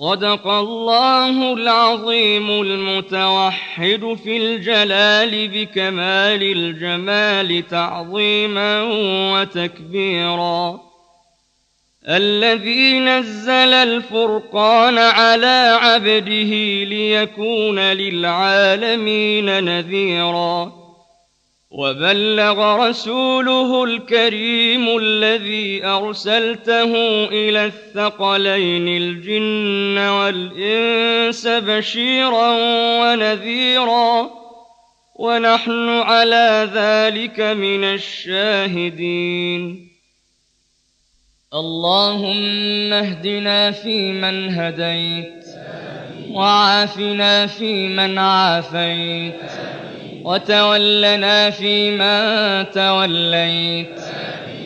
صدق الله العظيم المتوحد في الجلال بكمال الجمال تعظيما وتكبيرا الذي نزل الفرقان على عبده ليكون للعالمين نذيراً وبلغ رسوله الكريم الذي أرسلته إلى الثقلين الجن والإنس بشيرا ونذيرا ونحن على ذلك من الشاهدين اللهم اهدنا فيمن هديت وعافنا فيمن عافيت وتولنا فيما توليت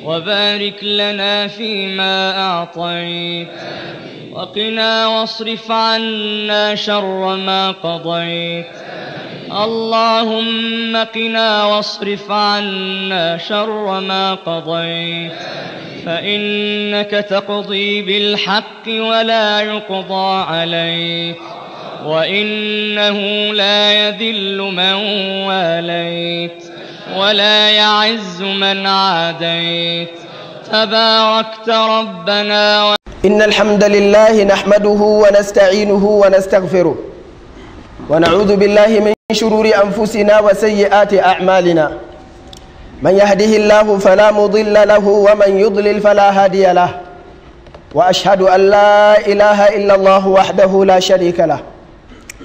وبارك لنا فيما أعطيت وقنا واصرف عنا شر ما قضيت اللهم قنا واصرف عنا شر ما قضيت فإنك تقضي بالحق ولا يقضى عليك وإنه لا يذل من واليت ولا يعز من عاديت تباركت ربنا و... إن الحمد لله نحمده ونستعينه ونستغفره ونعوذ بالله من شرور أنفسنا وسيئات أعمالنا من يهده الله فلا مضل له ومن يضلل فلا هادي له وأشهد أن لا إله إلا الله وحده لا شريك له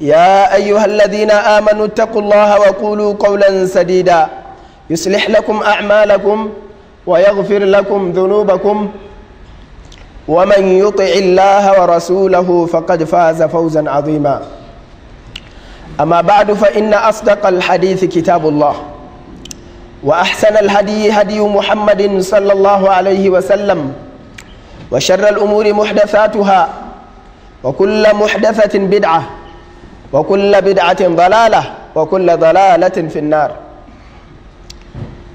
يا أيها الذين آمنوا اتقوا الله وقولوا قولا سديدا يصلح لكم أعمالكم ويغفر لكم ذنوبكم ومن يطع الله ورسوله فقد فاز فوزا عظيما أما بعد فإن أصدق الحديث كتاب الله وأحسن الهدي هدي محمد صلى الله عليه وسلم وشر الأمور محدثاتها وكل محدثة بدعة wa kulla bid'atin ضلالة وكل ضلالة في النار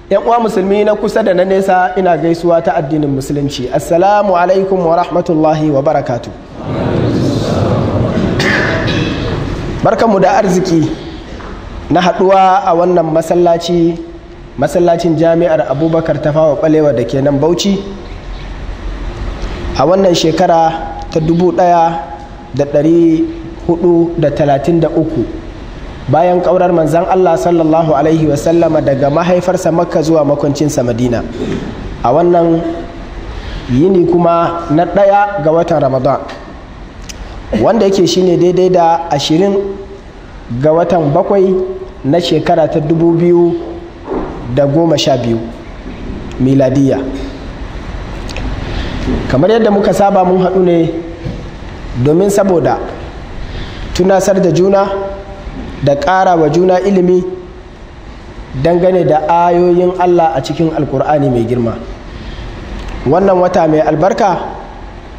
yan uwa musulmi na kusa da na nesa ina gaisuwa ta addinin musulunci assalamu alaikum wa rahmatullahi wa barakatu barkanmu da arziki na haduwa a wannan masallaci masallacin jami'ar abubakar tafawa balewa da kenan bauchi a wannan shekara ta dubu ɗaya da ɗari 433 bayan ƙaurar manzan Allah sallallahu alaihi wasallama daga mahaifarsa makka zuwa makwancinsa madina a wannan yini kuma na ɗaya ga watan ramadan wanda yake shine daidai da ashirin ga watan bakwai na shekara ta dubu biyu da goma sha biyu miladiya kamar yadda muka saba mun haɗu ne domin saboda tunasar da juna da ƙara wa juna ilimi dangane da ayoyin Allah a cikin alkur'ani mai girma wannan wata mai albarka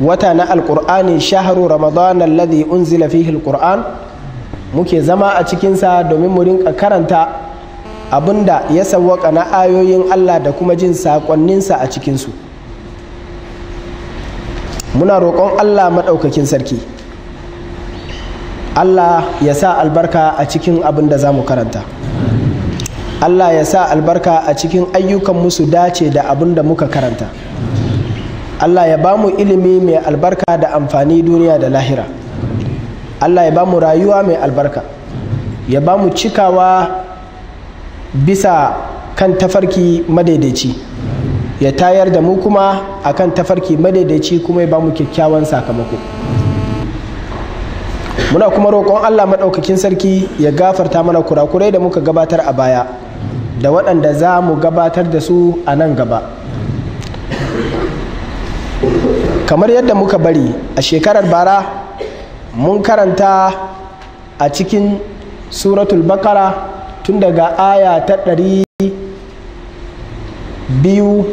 wata na alkur'ani shaharu ramadan alladhi unzila fihi alkur'an muke zama a cikinsa domin mu rinka karanta abinda ya sawwaka na ayoyin Allah da kuma jin saƙonninsa a cikinsu muna roƙon Allah maɗaukakin sarki Allah ya sa albarka a cikin abin da za mu karanta Allah ya sa albarka a cikin ayyukan musu dace da abin da muka karanta Allah ya ba mu ilimi mai albarka da amfani duniya da lahira Allah ya ba mu rayuwa mai albarka ya ba mu cikawa bisa kan tafarki madaidaici ya tayar da mu kuma akan tafarki madaidaici kuma ya ba mu kyakkyawan sakamako muna kuma roƙon Allah maɗaukakin sarki ya gafarta mana kurakurai da muka gabatar a baya da waɗanda za mu gabatar da su a nan gaba kamar yadda muka bari a shekarar bara mun karanta a cikin suratul bakara tun daga aya ta ɗari biyu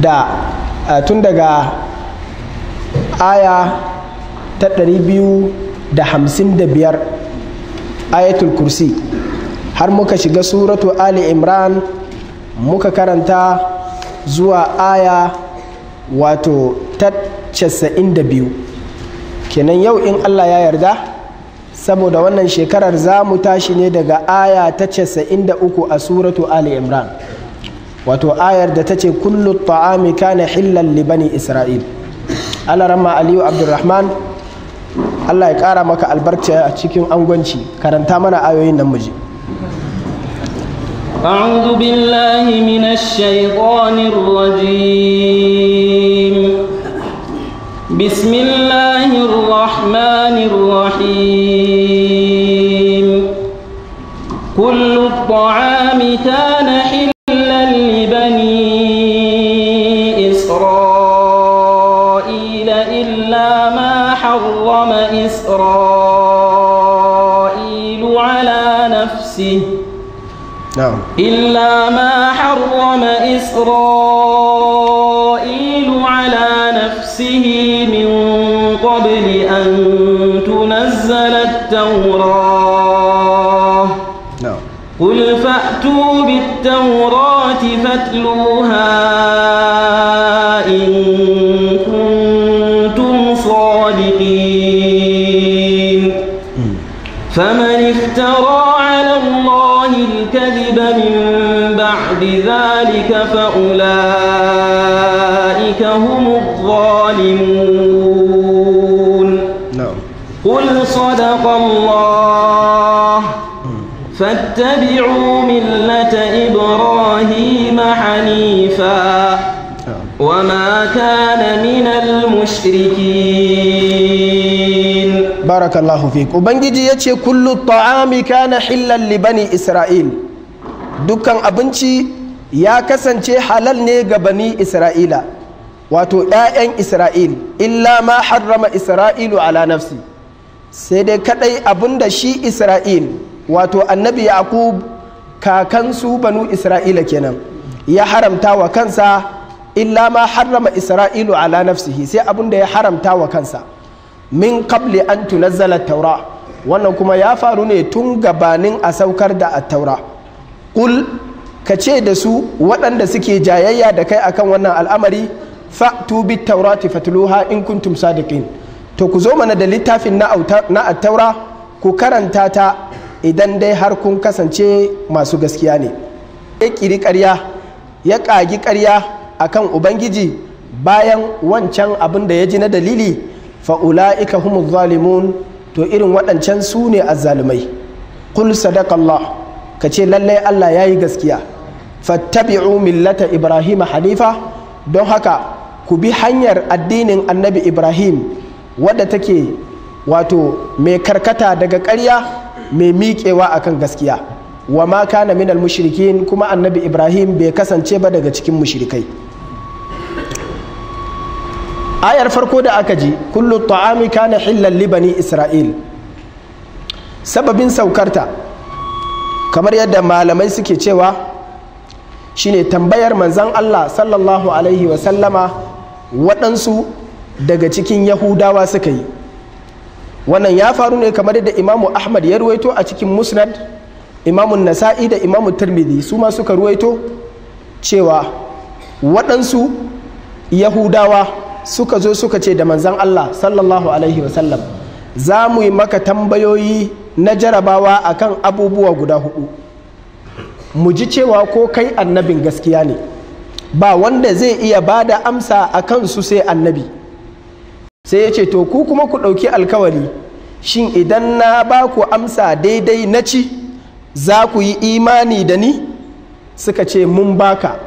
da tun daga aya ta ɗari biyu da hamsin da biyar ayatul kursi har muka shiga suratu ali imran muka karanta zuwa aya wato ta casa'in da biyu kenan yau in allah ya yarda saboda wannan shekarar za mu tashi ne daga aya ta casa'in da uku a suratu ali imran wato ayar da ta ce kullu ta'ami kana hillan libani isra'il alarama aliyu abdulrahman Allah ya ƙara maka albarkatiyya a cikin angwanci karanta mana ayoyin lambaji. An duk binlahi mina shai ko nirwajim,bismillahir ruhmanir ruhim,kun luvka amintani نعم إلا ما حرم إسرائيل على نفسه من قبل أن تنزل التوراة نعم قل فأتوا بالتوراة فاتلوها ذلك فأولئك هم الظالمون قل صدق الله فاتبعوا ملة إبراهيم حنيفا وما كان من المشركين بارك الله فيك وبنجي يتشي كل الطعام كان حلا لبني إسرائيل dukkan abinci ya kasance halal ne ga bani isra'ila wato 'ya'yan isra'il illa ma harrama isra'ilu ala nafsi sai dai kadai abinda shi isra'il wato annabi yaqub kakansu banu isra'ila kenan ya haramta wa kansa illa ma harrama isra'ilu ala nafsihi sai abinda ya haramta wa kansa min qabli an tunazzala taura wannan kuma ya faru ne tun gabanin a saukar da at-taura qul ka ce da su waɗanda suke jayayya da kai akan wannan al'amari fa tubi taurati fatluha in kuntum sadiqin to ku zo mana da littafin na taura ku karanta ta idan dai har kun kasance masu gaskiya ne ya ƙiri ƙarya ya ƙagi ƙarya akan ubangiji bayan wancan abin da ya ji na dalili fa'ula'ika humuz zalimun to irin waɗancan su ne azzalumai qul sadaqallah ka ce lallai Allah ya yi gaskiya fattabi'u millata ibrahim hanifa don haka ku bi hanyar addinin annabi ibrahim wadda take wato mai karkata daga karya mai miƙewa akan gaskiya wa ma kana minal mushrikin kuma annabi ibrahim bai kasance ba daga cikin mushrikai ayar farko da aka ji kullu ta'ami kana li libani isra'il sababin saukarta kamar yadda malamai suke cewa shine tambayar manzan Allah sallallahu alaihi wasallama waɗansu daga cikin yahudawa suka yi wannan ya faru ne kamar da imamu ahmad ya ruwaito a cikin musnad imamun nasa'i da imamu turmidi su ma suka ruwaito cewa waɗansu yahudawa suka zo suka ce da manzan Allah sallallahu alaihi wasallam za mu yi maka tambayoyi na jarabawa akan abubuwa guda hudu mu ji cewa ko kai annabin gaskiya ne ba wanda zai iya ba da amsa a kansu sai annabi sai ya ce to ku kuma ku ɗauki alkawari shin idan na ba ku amsa daidai na ci za ku yi imani da ni suka ce mun baka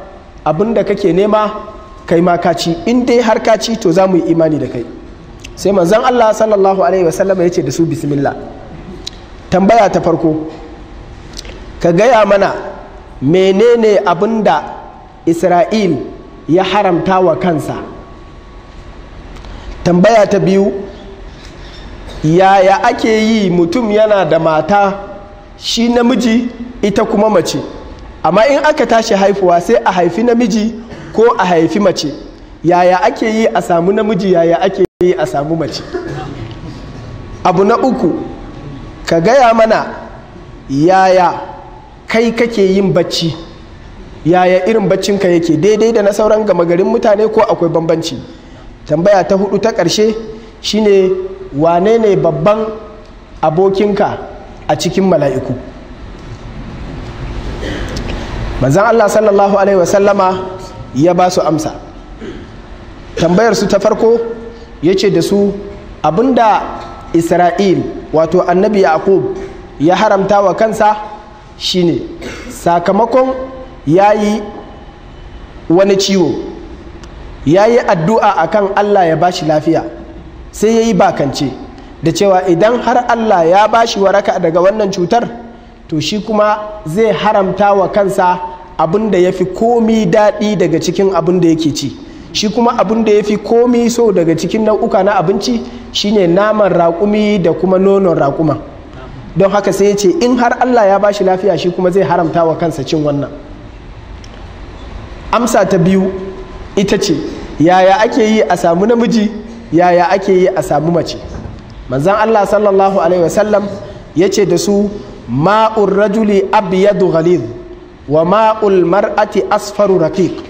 abin da kake nema kai ma ka ci in dai har ka ci to za mu yi imani da kai sai manzon Allah sallallahu alaihi wasallam ya ce da su bismillah tambaya ta farko ka gaya mana menene abin da isra'il ya haramta wa kansa tambaya ta biyu yaya ake yi mutum yana da mata shi namiji ita kuma mace amma in aka tashi haifuwa sai a haifi namiji ko a haifi mace yaya ake yi a samu namiji yaya ake yi a samu mace abu na uku ka gaya mana yaya kai kake yin bacci yaya irin baccinka yake daidai da na sauran gama garin mutane ko akwai bambanci tambaya ta hudu ta ƙarshe shine wane ne babban abokinka a cikin mala'iku manzan allah sallallahu alaihi wasallama ya ba su amsa tambayar su ta farko ya ce da su abinda isra'il wato annabi yaqub ya haramta wa kansa shine sakamakon ya yi wani ciwo ya yi addu'a akan Allah ya bashi lafiya sai ya yi bakance da cewa idan har Allah ya bashi waraka daga wannan cutar to shi kuma zai haramta wa kansa abin da ya fi komi daɗi daga cikin abin da yake ci shi kuma abin da ya fi komi so daga cikin nau'uka na abinci shine naman raƙumi da kuma nonon raƙuma. don haka sai ya ce in har Allah ya bashi lafiya shi kuma zai haramta wa kansa cin wannan amsa ta biyu ita ce yaya ake yi a samu namiji yaya ake yi a samu mace manzan Allah sallallahu alaihi wasallam ya ce da su ma'ul rajuli abyadu ghalid wa ma'ul mar'ati asfaru Rafiq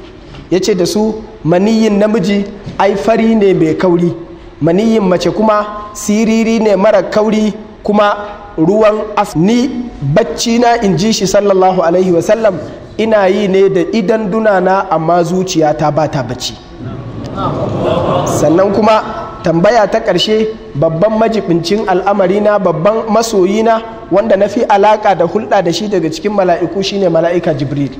ya ce da su maniyin namiji ai fari ne mai kauri maniyin mace kuma siriri ne mara kauri kuma ruwan as ni bacci na in ji shi sallallahu alaihi wasallam ina yi ne da idan dunana amma zuciyata ba ta bacci sannan kuma tambaya ta ƙarshe babban majibincin al'amarina babban masoyina wanda na fi alaƙa da hulɗa da shi daga cikin mala'iku shine mala'ika jibril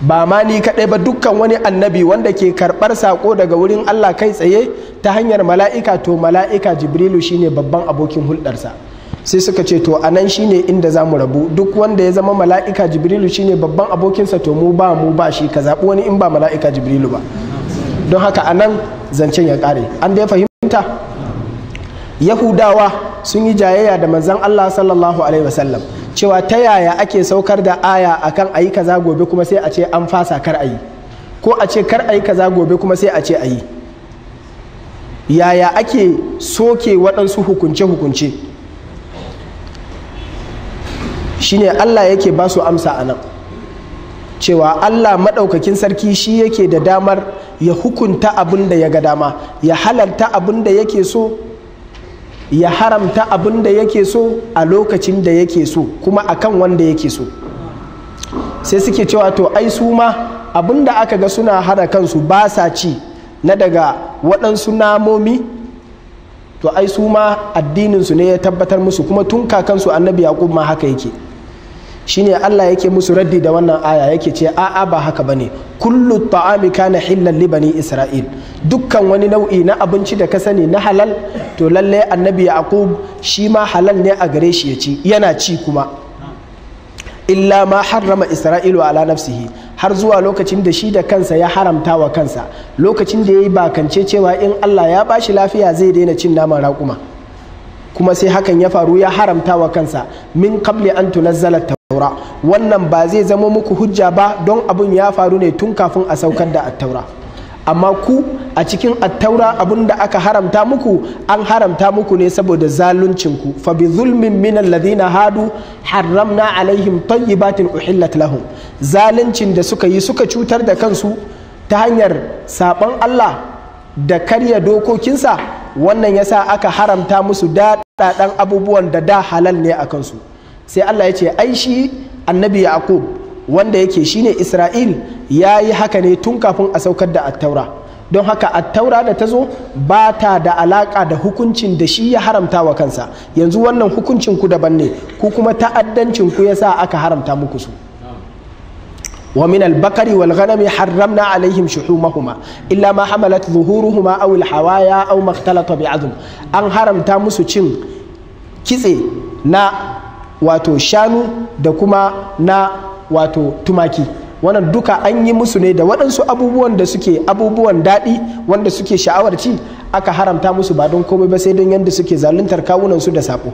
ba ma ni kaɗai ba dukkan wani annabi wanda ke karɓar saƙo daga wurin Allah kai tsaye ta hanyar mala'ika to mala'ika jibrilu shine babban abokin hulɗarsa sai suka ce to anan shine inda za mu rabu duk wanda ya zama mala'ika jibrilu shine babban abokinsa to mu ba mu ba shi ka zaɓi wani in ba mala'ika jibrilu ba don haka anan zancen ya ƙare an dai fahimta yahudawa sun yi jayayya da manzon Allah sallallahu alaihi wasallam cewa ta yaya ake saukar da aya akan ayi kaza gobe kuma sai a ce an fasa kar ayi ko a ce kar ayi kaza gobe kuma sai a ce ayi yaya ake soke waɗansu hukunce-hukunce Shi ne Allah yake ba su amsa anan? cewa Allah maɗaukakin sarki shi yake da damar ya hukunta abin da ya ga dama ya halarta abin da yake so ya haramta abin da yake so a lokacin da yake so kuma a kan wanda yake so sai suke cewa to ai su ma abin da aka ga suna hada kansu ba sa ci na daga waɗansu namomi to ai su ma addininsu ne ya tabbatar musu kuma tun kakansu annabi yaqub ma haka yake shine Allah yake musu raddi da wannan aya yake ce a'a ba haka bane kullu ta'ami kana hillan li bani isra'il dukkan wani nau'i na abinci da ka sani na halal to lalle annabi yaqub shi ma halal ne a gare shi ya ci yana ci kuma illa ma harrama isra'ilu ala nafsihi har zuwa lokacin da shi da kansa ya haramta wa kansa lokacin da ya yi bakance cewa in allah ya bashi lafiya zai daina cin naman raƙuma kuma sai hakan ya faru ya haramta wa kansa min kamle an tunazzala taura wannan ba zai zama muku hujja ba don abun ya faru ne tun kafin a saukar da attaura amma ku a cikin attaura abin da aka haramta muku an haramta muku ne saboda zaluncinku fa bi zulmin min alladhina hadu haramna alaihim tayyibatin uhillat lahum zaluncin da suka yi suka cutar da kansu ta hanyar saban Allah da karya dokokinsa wannan yasa aka haramta musu daɗaɗan abubuwan da da halal ne a kansu sai Allah ya ce ai shi annabi Yaqub wanda yake shine isra'il ya yi haka ne tun kafin a saukar da attaura don haka attaura da ta zo ba ta da alaka da hukuncin da shi ya haramta wa kansa yanzu wannan hukuncin ku daban ne ku kuma ta'addancin ku ya sa aka haramta muku su wa min al-bakari wal ghanami harramna alaihim shuhumahuma illa ma hamalat zuhuruhuma aw al-hawaya aw makhtalata azm an haramta musu cin kitse na wato shanu da kuma na wato tumaki wannan duka an yi musu ne da waɗansu abubuwan da suke abubuwan daɗi wanda suke sha'awar ci aka haramta musu ba don komai ba sai don yadda suke zaluntar kawunansu da saƙo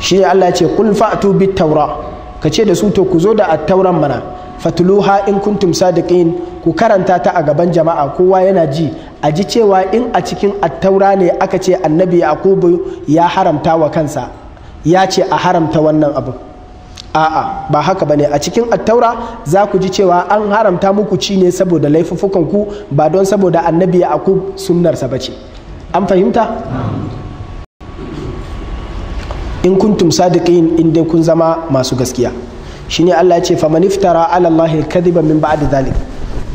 shi ne Allah ce kul fa'atu bit taura ka ce da su to ku zo da attauran mana fatuluha in kuntum sadiqin ku karanta ta a gaban jama'a kowa yana ji a ji cewa in a cikin attaura ne aka ce annabi yaqubu ya haramta wa kansa ya ce a haramta wannan abu a'a ba haka bane a cikin attaura za ku ji cewa an haramta muku ci ne saboda laifuffukan ku ba don saboda annabi ya aku sunnarsa ba ce an fahimta in kuntum sadiqin in dai kun zama masu gaskiya shine Allah ya ce faman iftara ala Allah kadhiba min ba'd zalik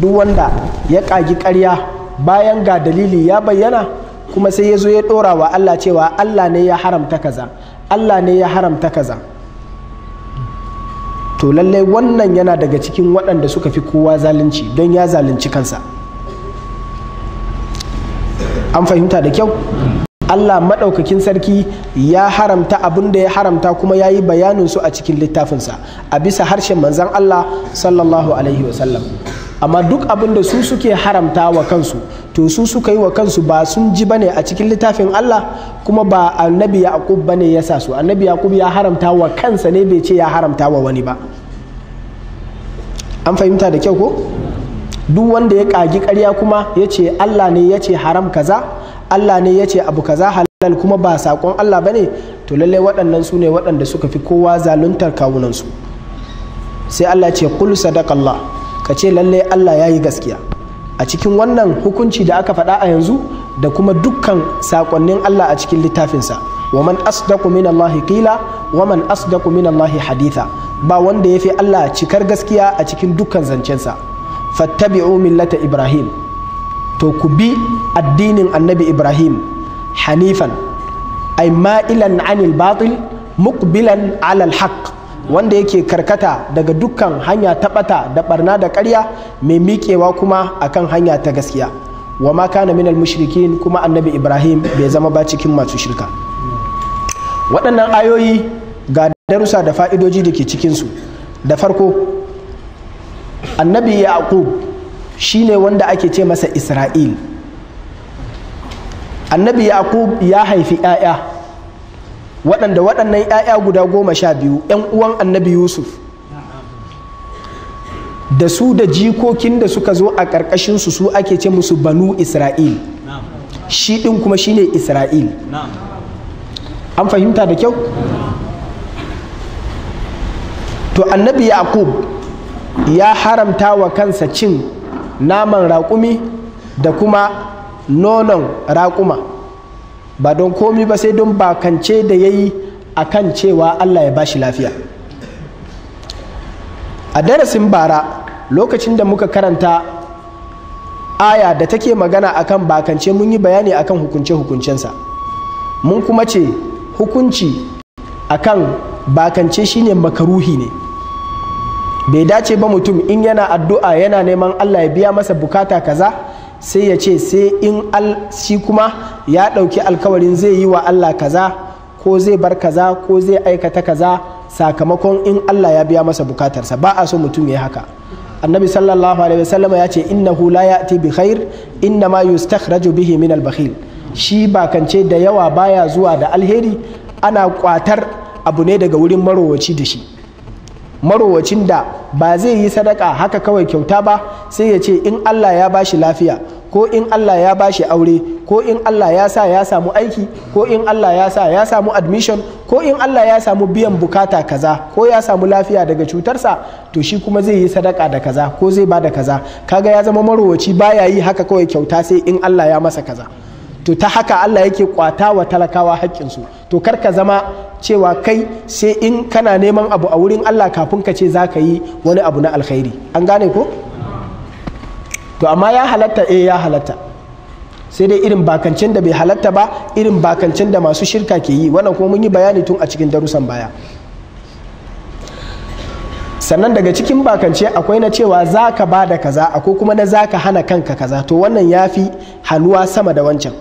duk wanda ya kagi ƙarya bayan ga dalili ya bayyana kuma sai ya zo ya dora wa Allah cewa Allah ne ya haramta kaza Allah ne ya haramta kaza to lallai wannan yana daga cikin waɗanda suka fi kowa zalunci don ya zalunci kansa an fahimta da kyau Allah maɗaukakin sarki ya haramta abin da ya haramta kuma ya yi bayaninsu a cikin littafinsa a bisa harshen manzan Allah sallallahu alaihi wasallam amma duk abin da su suke haramta wa kansu to su suka yi wa kansu ba sun ji bane a cikin littafin Allah kuma ba annabi yaqub bane ya sa su annabi yaqub ya haramta wa kansa ne bai ce ya haramta wa wani ba an fahimta da kyau ko duk wanda ya kagi ƙarya kuma ya ce Allah ne ya ce haram kaza Allah ne ya ce abu kaza halal kuma ba sakon Allah bane to lallai waɗannan su ne waɗanda suka fi kowa zaluntar kawunansu sai Allah ce kul sadaqallah ka ce lallai Allah ya yi gaskiya a cikin wannan hukunci da aka faɗa a yanzu da kuma dukkan saƙonnin Allah a cikin littafinsa wa man asdaqu min Allah qila wa man asdaqu min Allah haditha ba wanda ya fi Allah cikar gaskiya a cikin dukkan zancensa fattabi'u millata Ibrahim to ku bi addinin annabi Ibrahim hanifan ay ma'ilan anil batil muqbilan ala al wanda yake karkata daga dukkan hanya ta bata da barna da karya mai miƙewa kuma akan hanya ta gaskiya wa ma kana minal mushrikin kuma annabi ibrahim bai zama ba cikin masu shirka waɗannan ayoyi ga darusa da fa'idoji da ke cikinsu da farko annabi yaqub shine wanda ake ce masa isra'il annabi yaqub ya haifi 'ya'ya waɗanda waɗannan 'ya'ya guda goma sha biyu 'yan uwan annabi yusuf da su da jikokin da suka zo a ƙarƙashinsu su ake ce musu banu isra'il shi ɗin kuma shi ne isra'il an fahimta da kyau to annabi yaqub ya haramta wa kansa cin naman raƙumi da kuma nonon raƙuma ba don komi ba sai don bakance da ya yi a kan cewa allah ya bashi lafiya a darasin bara lokacin da muka karanta aya da take magana a akan bakance mun yi bayani akan hukunce-hukuncensa mun kuma ce hukunci akan bakance shine makaruhi ne bai dace ba mutum in yana addu'a yana neman allah ya biya masa bukata kaza sai ya ce sai in shi kuma ya ɗauki alkawarin zai yi wa Allah kaza ko zai bar kaza ko zai aikata kaza sakamakon in Allah ya biya masa bukatarsa ba a so mutum ya haka annabi sallallahu alaihi wasallam ya ce innahu la ya'ti bi khair inna ma yustakhraju bihi min al bakhil shi kance da yawa baya zuwa da alheri ana kwatar abu ne daga wurin marowaci da shi marowacin da ba zai yi sadaka haka kawai kyauta ba sai ya ce in Allah ya bashi lafiya ko in Allah ya bashi aure ko in Allah ya sa ya samu aiki ko in Allah ya sa ya samu admission ko in Allah ya samu biyan bukata kaza ko ya samu lafiya daga cutarsa to shi kuma zai yi sadaka da kaza ko zai ba da kaza kaga ya zama marowaci baya yi haka kawai kyauta sai in Allah ya masa kaza to ta haka Allah yake kwata wa talakawa hakkin su to kar ka zama cewa kai sai in kana neman abu a wurin Allah kafin ka ce za ka yi wani abu na alkhairi an gane ko to amma ya halatta eh ya halatta sai dai irin bakancin da bai halatta ba irin bakancin da masu shirka ke yi wannan kuma mun yi bayani tun a cikin darussan baya sannan daga cikin bakance akwai na cewa za ka ba da kaza akwai kuma na za ka hana kanka kaza to wannan ya fi hannuwa sama da wancan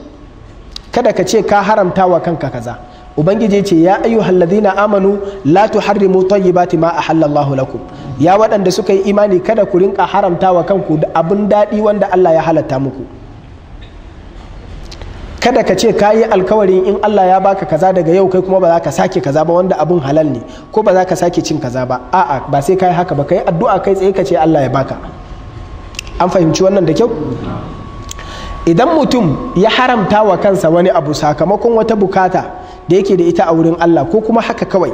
kada ka ce ka haramta wa kanka kaza ubangiji ce ya ayyuhal na amanu latu la tuharrimu tayyibati ma ahallallahu lakum ya waɗanda suka yi imani kada ku rinka haramta wa kanku da abin daɗi wanda Allah ya halatta muku kada ka ce ka yi alkawarin in Allah ya baka kaza daga yau kai kuma ba za ka sake kaza ba wanda abun halal ne ko ba za ka sake cin kaza ba a'a ba sai ka yi haka ba ka yi addu'a kai tsaye ka ce Allah ya baka an fahimci wannan da kyau idan mutum ya haramta wa kansa wani abu sakamakon wata bukata da yake da ita a wurin Allah ko kuma haka kawai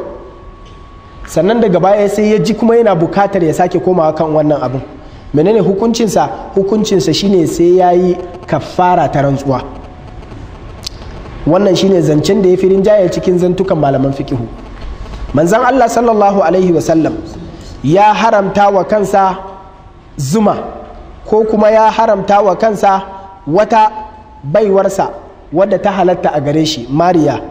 sannan daga baya sai ya ji kuma yana bukatar ya sake komawa kan wannan abin menene hukuncinsa hukuncinsa shine sai ya yi kafara ta rantsuwa wannan shine zancen da ya fi rinjaye cikin zantukan malaman fikihu manzan Allah sallallahu alaihi wasallam ya haramta wa kansa zuma ko kuma ya haramta wa kansa wata baiwarsa wadda ta halatta a gare shi mariya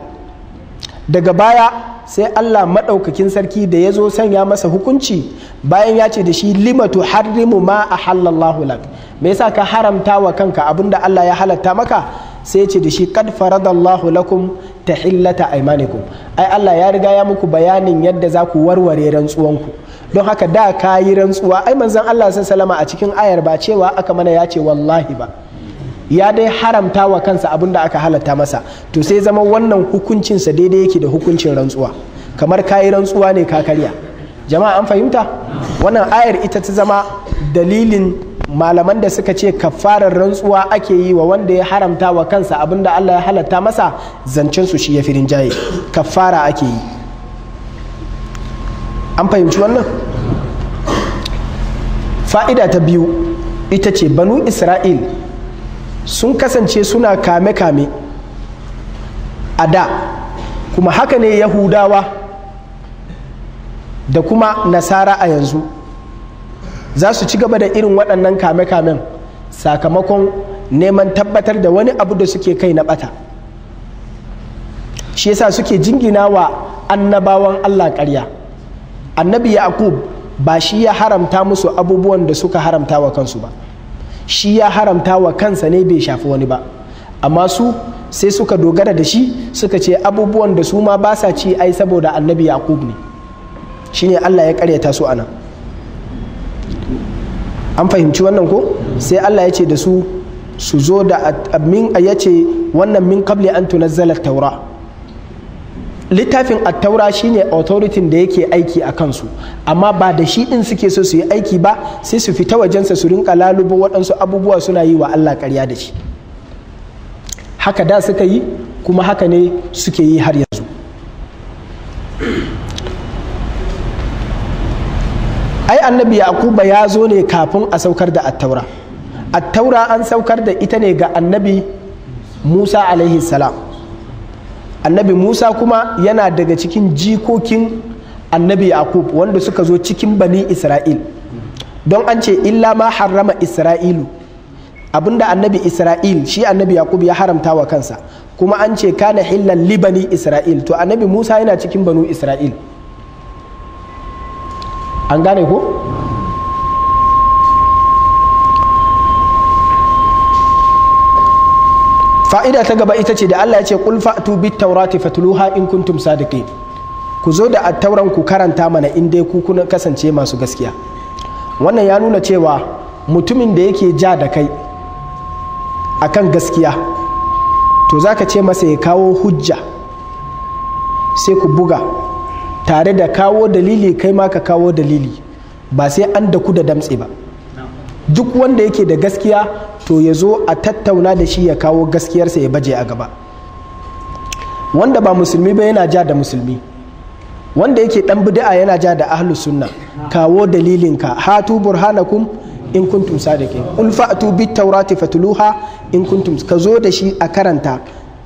daga baya sai Allah maɗaukakin sarki da ya zo sanya masa hukunci bayan ya ce da shi limatu harrimu ma a halallahu lak me yasa ka haramta wa kanka abinda Allah ya halatta maka sai ce da shi kad faradallahu lakum tahillata aymanikum ai Allah ya riga ya muku bayanin yadda za ku warware rantsuwanku don haka da ka yi rantsuwa ai manzon Allah sun salama a cikin ayar ba cewa aka mana ya ce wallahi ba ya dai haramta wa kansa abin da aka halatta masa to sai zama wannan hukuncinsa daidai yake da hukuncin rantsuwa kamar kayi rantsuwa ne ka karya jama'a an fahimta wannan ayar ita ta zama dalilin malaman da suka ce kafarar rantsuwa ake yi wa wanda ya haramta wa kansa abin da Allah ya halatta masa zancen su shi ya firin jaye kafara ake yi an fahimci wannan fa'ida ta biyu ita ce banu isra'il sun kasance suna kame-kame a da kuma haka ne yahudawa da kuma nasara a yanzu za su ci gaba da irin waɗannan kame-kamen sakamakon neman tabbatar da wani abu da suke kai na ɓata shi yasa suke jingina wa annabawan allah ƙarya annabi yaqub ba shi ya haramta musu abubuwan da suka haramta wa kansu ba shi ya haramta wa kansa ne bai shafi wani ba amma su sai suka dogara da shi suka ce abubuwan da su ma ba sa ci ai saboda annabi yaqub ne shine Allah ya karyata su anan an fahimci wannan ko sai Allah ya ce da su su zo da min ya ce wannan min qabli an tunazzala taura littafin attaura shine authority da yake aiki a kansu amma ba da shi din suke so su yi aiki ba sai su fita wajensa su rinka lalubo waɗansu abubuwa suna yi wa Allah ƙarya da shi haka da suka yi kuma haka ne suke yi har yanzu ai annabi yakuba ya zo ne kafin a saukar da attaura attaura an saukar da ita ne ga annabi musa alaihi salam annabi musa kuma yana daga cikin jikokin annabi yaqub wanda suka zo cikin bani isra'il don an ce illa ma harrama isra'ilu abinda annabi isra'il shi annabi yaqub ya haramta wa kansa kuma an ce kana hillan li bani isra'il to annabi musa yana cikin banu isra'il an gane ko fa'ida ta gaba ita ce da Allah ya ce qul fa'tu bit tawrati fatluha in kuntum sadiqin ku zo da attauran ku karanta mana in dai ku kuna kasance masu gaskiya wannan ya nuna cewa mutumin da yake ja da kai akan gaskiya to zaka ce masa ya kawo hujja sai ku buga tare da kawo dalili kai ma ka kawo dalili ba sai an da ku da damtse ba duk wanda yake da gaskiya to ya zo a tattauna da shi ya kawo gaskiyarsa ya baje a gaba wanda ba musulmi ba yana ja da musulmi wanda yake dan bid'a yana ja da ahlus sunna kawo dalilinka hatu burhanakum in kuntum sadike ul fa'tu bit tawrati fatluha in kuntum ka zo da shi a karanta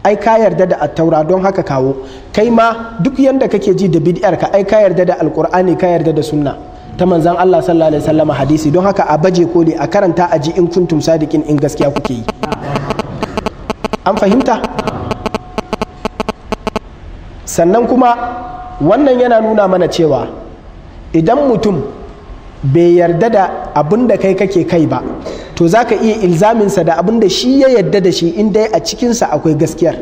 ai ka yarda da attaura don haka kawo kai ma duk yanda kake ji da bid'ar ka ai ka yarda da alqur'ani ka yarda da sunna ta manzan Allah sallallahu alaihi wasallam hadisi don haka a baje koli a karanta a ji in kuntum sadiqin in gaskiya kuke yi an fahimta sannan kuma wannan yana nuna mana cewa idan mutum bai yarda da abin da kai kake kai ba to za ka iya ilzaminsa da abin da shi ya yarda da shi in dai a cikinsa akwai gaskiyar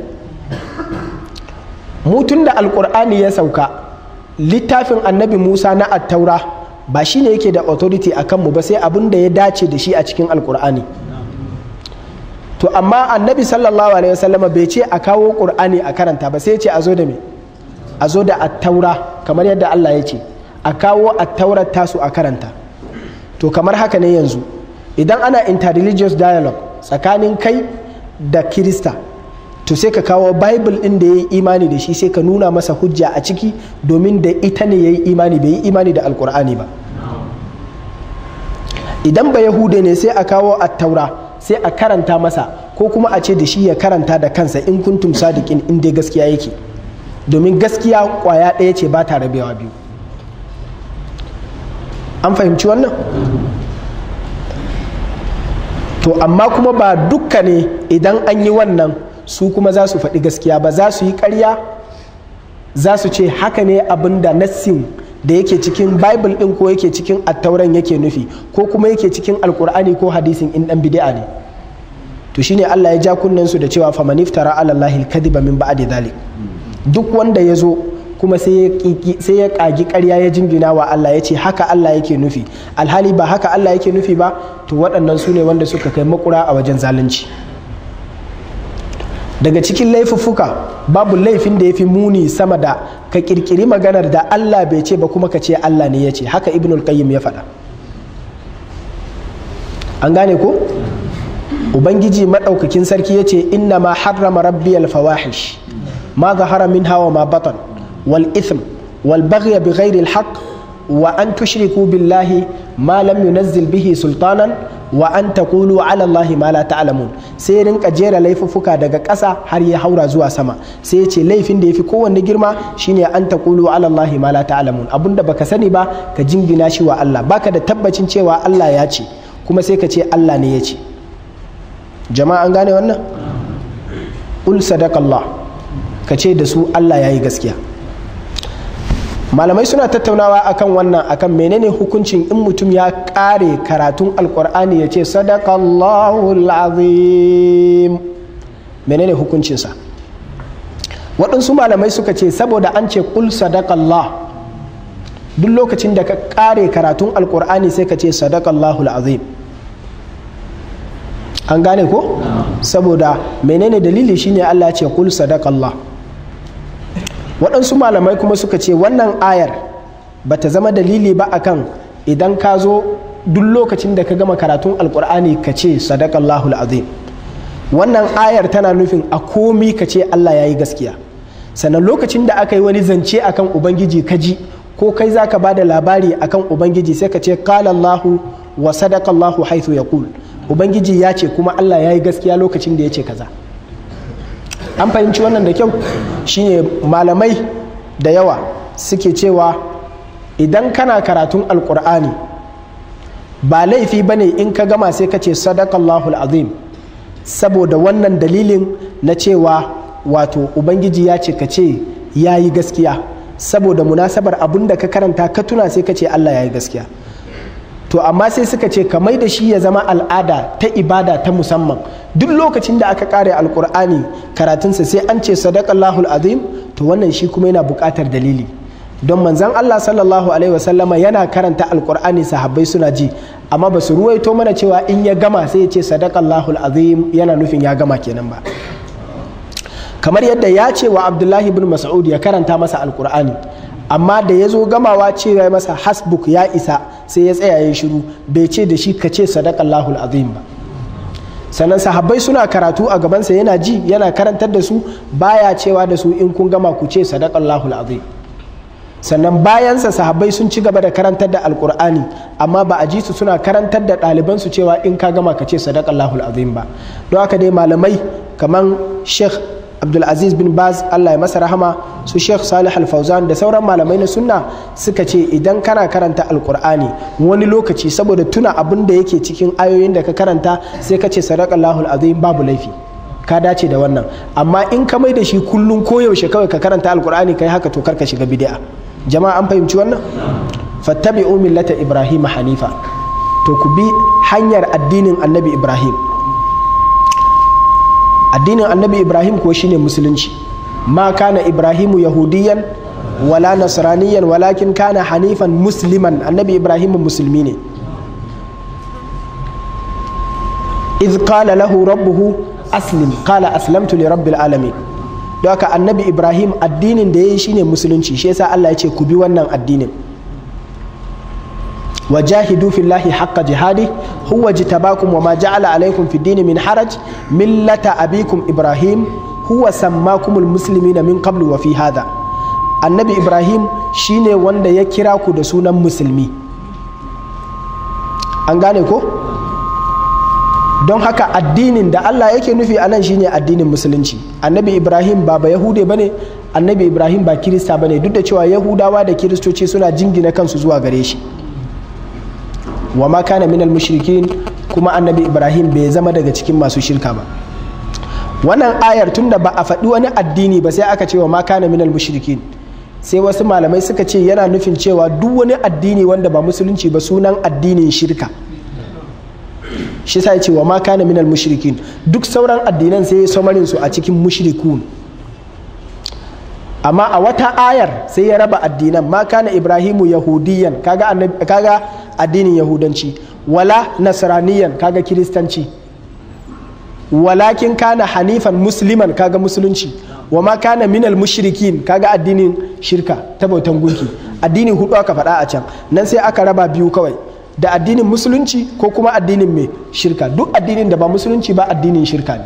mutum da alkur'ani ya sauka littafin annabi musa na attaura ba shi ne yake da authority a kanmu ba sai abin da ya dace da shi a cikin alkur'ani to amma annabi sallallahu alaihi wasallama bai ce a kawo qur'ani a karanta ba sai ce a zo da me a zo da attaura kamar yadda Allah ya ce a kawo attaurar tasu a karanta to kamar haka ne yanzu idan ana interreligious dialogue tsakanin kai da kirista to sai ka kawo bible ɗin da ya yi imani da shi sai ka nuna masa hujja a ciki domin da ita ne ya yi imani bai yi imani da alkur'ani ba idan ba yahude ne sai a kawo attaura sai a karanta masa ko kuma a ce da shi ya karanta da kansa in kuntum sadiqin in dai gaskiya yake domin gaskiya kwaya ɗaya ce ba ta rabewa biyu an fahimci wannan to amma kuma ba dukka ne idan an yi wannan su kuma za su faɗi gaskiya ba za su yi ƙarya za su ce haka ne abin da nassin da yake cikin bible ɗin ko yake cikin attauran yake nufi ko kuma yake cikin alkur'ani ko hadisin in ɗan bidi'a ne to shine Allah ya ja kunnen su da cewa faman iftara alallahi Allah ba min dhalik duk wanda ya zo kuma sai ya kagi ƙarya ya jingina wa Allah ya ce haka Allah yake nufi alhali ba haka Allah yake nufi ba to waɗannan su ne wanda suka kai makura a wajen zalunci. daga cikin laifuffuka babu laifin da ya fi muni sama da ka kirkiri maganar da Allah bai ce ba kuma ka ce Allah ne ya ce haka ibnul qayyim ya faɗa an gane ko ubangiji maɗaukakin sarki ya ce inna ma harrama rabbi alfawahish ma zahara min hawa ma batan wal ithm wal baghya bi ghairi al wa an tushriku billahi ma lam yunazzil bihi sultanan wa an kulu ala allahi ma la ta'lamun sai rinka jera laifuffuka daga ƙasa har ya haura zuwa sama sai ya ce laifin da ya fi kowanne girma shine an kulu ala allahi ma la ta'lamun abinda baka sani ba ka jingina shi wa Allah baka da tabbacin cewa Allah ya ce kuma sai ka ce Allah ne ya ce jama'a an gane wannan ul sadaqallah ka ce da su Allah yayi gaskiya malamai suna tattaunawa akan wannan akan menene hukuncin in mutum ya kare karatun alkur'ani ya ce sadakallahu azim menene hukuncinsa waɗansu malamai suka ce saboda an ce kul sadakallah duk lokacin da ka kare karatun alkur'ani sai ka ce sadakallahu azim an gane ko saboda menene dalili shine Allah ce kul sadakallah waɗansu malamai kuma suka ce wannan ayar ba ta zama dalili ba akan idan ka zo duk lokacin da ka gama karatun alkur'ani ka ce sadakallahu azim wannan ayar tana nufin a komi ka ce allah ya yi gaskiya sannan lokacin da aka yi wani zance akan ubangiji ka ji ko kai za ka ba da labari akan ubangiji sai ka ce kalallahu wa sadakallahu haithu ya ubangiji ya ce kuma allah ya yi gaskiya lokacin da ya ce kaza an fahimci wannan da kyau shine malamai da yawa suke cewa idan kana karatun alkur'ani ba laifi ba ne in ka gama sai ka ce sadakallahu azim saboda wannan dalilin na cewa wato ubangiji ya ce ka ce ya yi gaskiya saboda munasabar abun da ka karanta ka tuna sai ka ce allah ya yi gaskiya to amma sai suka ce ka da shi ya zama al'ada ta ibada ta musamman duk lokacin da aka kare alkur'ani karatunsa sai an ce sadaqallahul azim to wannan shi kuma yana buƙatar dalili don manzan Allah sallallahu alaihi wasallama yana karanta alkur'ani sahabbai suna ji amma ba su ruwaito mana cewa in ya gama sai ya ce lahul azim yana nufin ya gama kenan ba kamar yadda ya ce wa abdullahi bin mas'ud ya karanta masa alkur'ani amma da ya zo gamawa cewa masa hasbuk ya isa sai ya tsaya ya shiru bai ce da shi ka ce lahul azim ba sannan sahabbai suna karatu a gabansa yana ji yana karantar da su baya cewa da su in kun gama ku ce lahul azim sannan bayansa sahabbai sun ci gaba da karantar da alkur'ani amma ba a ji su suna karantar da su cewa in ka gama ka ce lahul azim ba don haka dai malamai kamar sheikh abdulaziz bin baz allah ya masa rahama su sheikh salih al-fauzan da sauran malamai na sunna suka ce idan kana karanta alkur'ani wani lokaci saboda tuna abin da yake cikin ayoyin da ka karanta sai ka ce sadaqallahu azim babu laifi ka dace da wannan amma in ka mai da shi kullum yaushe kawai ka karanta alkur'ani kai haka to kar ka shiga bid'a jama'a an fahimci wannan fattabi'u millata ibrahim hanifa to ku bi hanyar addinin annabi ibrahim addinin annabi ibrahim ko shine musulunci ma kana ibrahimu yahudiyan wala nasraniyan walakin kana hanifan musliman annabi ibrahimu musulmi ne iz qala lahu rabbuhu aslim kala aslamtu li rabbil alamin don haka annabi ibrahim addinin da ya yi shine musulunci shi yasa allah ya ce ku bi wannan addinin وجاهدوا في الله حق جهاده هو اجتباكم وما جعل عليكم في الدين من حرج ملة أبيكم إبراهيم هو سماكم المسلمين من قبل وفي هذا النبي إبراهيم شيني واند يكراكو دسونا مسلمي أنغانيكو don haka addinin da Allah yake nufi anan shine addinin musulunci annabi Ibrahim ba ba yahude bane annabi Ibrahim ba kirista bane duk da cewa yahudawa da kiristoci suna jingina kansu zuwa gare shi wa ma kana minal mushrikin kuma annabi ibrahim bai zama daga cikin masu shirka ba wannan ayar tunda ba a faɗi wani addini ba sai aka ce wa ma kana minal mushrikin sai wasu malamai suka ce yana nufin cewa duk wani addini wanda ba musulunci ba sunan addinin shirka shi sai ce wa ma kana minal mushrikin duk sauran addinan sai ya samarin su a cikin mushrikun amma a wata ayar sai ya raba addinan ma kana ibrahimu yahudiyan kaga addinin yahudanci wala nasraniyan kaga kiristanci walakin kana hanifan musliman kaga musulunci wa ma kana minal mushrikin kaga addinin shirka ta bautan gunki addini hudu aka faɗa a can nan sai aka raba biyu kawai da addinin musulunci ko kuma addinin mai shirka duk addinin da ba musulunci ba addinin shirka ne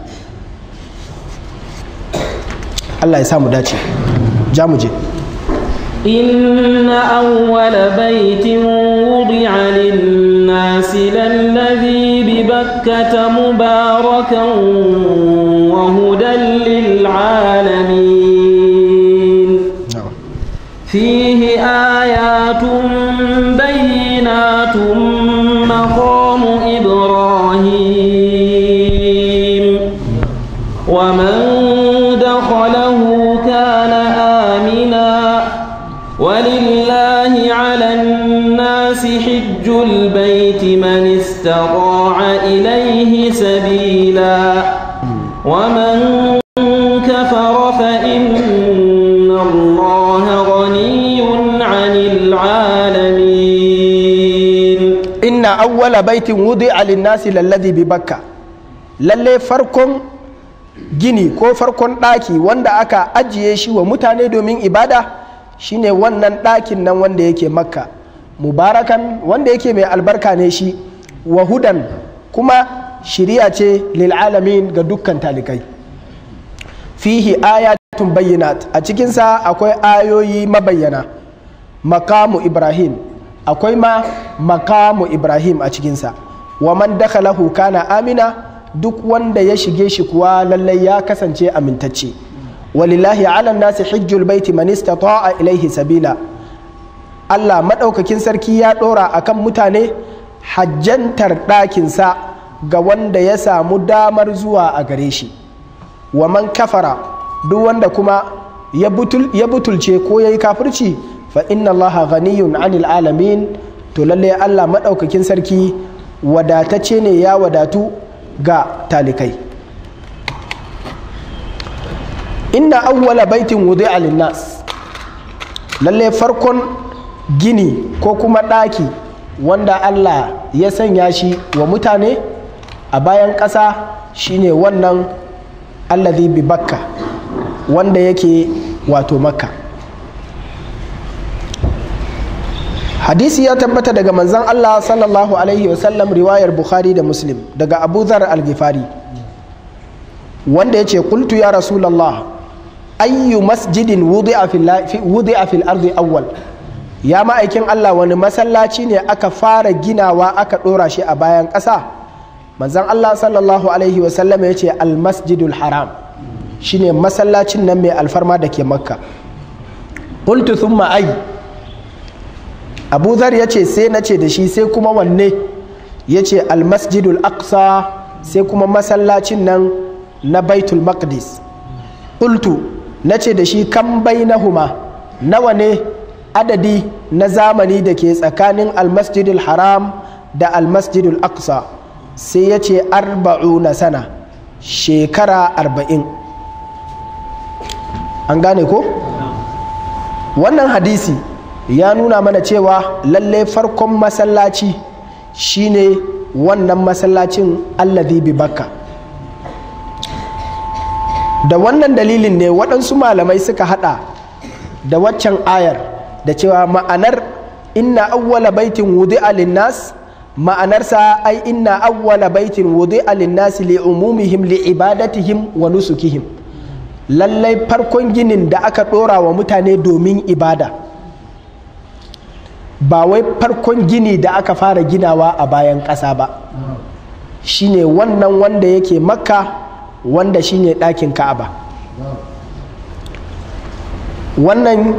Allah ya samu dace ja je inna awwal baitin wudi'a lin-nasi lalladhi bi bakkata mubarakan wa hudan lil-alamin fihi ayatun bayyinatun maqam kulla baitin wudi alin nasi lalladhi bi bakka lalle farkon gini ko farkon daki wanda aka ajiye shi wa mutane domin ibada shine wannan dakin nan wanda yake makka mubarakan wanda yake mai albarka ne shi wa hudan kuma shiriya ce lil'alamin ga dukkan talikai fihi ayatun bayyinat a cikinsa akwai ayoyi mabayyana makamu ibrahim akwai ma makamu ibrahim a cikinsa wa man dakhalahu kana amina duk wanda ya shige shi kuwa lallai ya kasance amintacce walillahi ala nasi hijjul baiti man istata'a ilaihi sabila Allah madaukakin sarki ya dora akan mutane hajjantar ɗakinsa ga wanda ya samu damar zuwa a gare shi wa man kafara duk wanda kuma ya butulce ko ya yi kafirci fa inna allaha ghaniyun anil alamin to lalle Allah madaukakin sarki wadatacce ne ya wadatu ga talikai inna awwala baitin wudi'a linnas lalle farkon gini ko kuma daki wanda Allah ya sanya shi wa mutane a bayan ƙasa shine wannan allazi bi bakka wanda yake wato makka hadisi ya tabbata daga manzan Allah sallallahu alaihi wasallam riwayar Bukhari da Muslim daga Abu Zar al-Ghifari wanda yace qultu ya Rasulullah ayyu masjidin wudi'a fil wudi'a fil ardi awwal ya ma'aikin Allah wani masallaci ne aka fara ginawa aka dora shi a bayan ƙasa manzan Allah sallallahu alaihi wasallam yace al-masjidul haram shine masallacin nan mai alfarma da ke Makka qultu thumma ayyu abu zar ya ce sai na ce da shi sai kuma wanne ya ce almasjidul aqsa sai kuma masallacin nan na baitul maqdis ƙultu na ce da shi kan bai na huma nawa ne adadi na zamani da ke tsakanin almasjidul haram da almasjidul aqsa sai ya ce Arba'u na sana shekara arba'in an gane ko wannan hadisi ya nuna mana cewa lallai farkon masallaci shine wannan masallacin allazi bi bakka da wannan dalilin ne waɗansu malamai suka hada da waccan ayar da cewa ma'anar inna awwala baitin wudi al'innas', ma'anarsa ai inna awwala baitin al'innas li umumihim li ibadatihim wa nusukihim lallai farkon ginin da aka ɗora wa mutane domin ibada ba wai farkon gini da aka fara ginawa a bayan ƙasa ba shine wannan wanda yake makka wanda shine ɗakin ka'aba wannan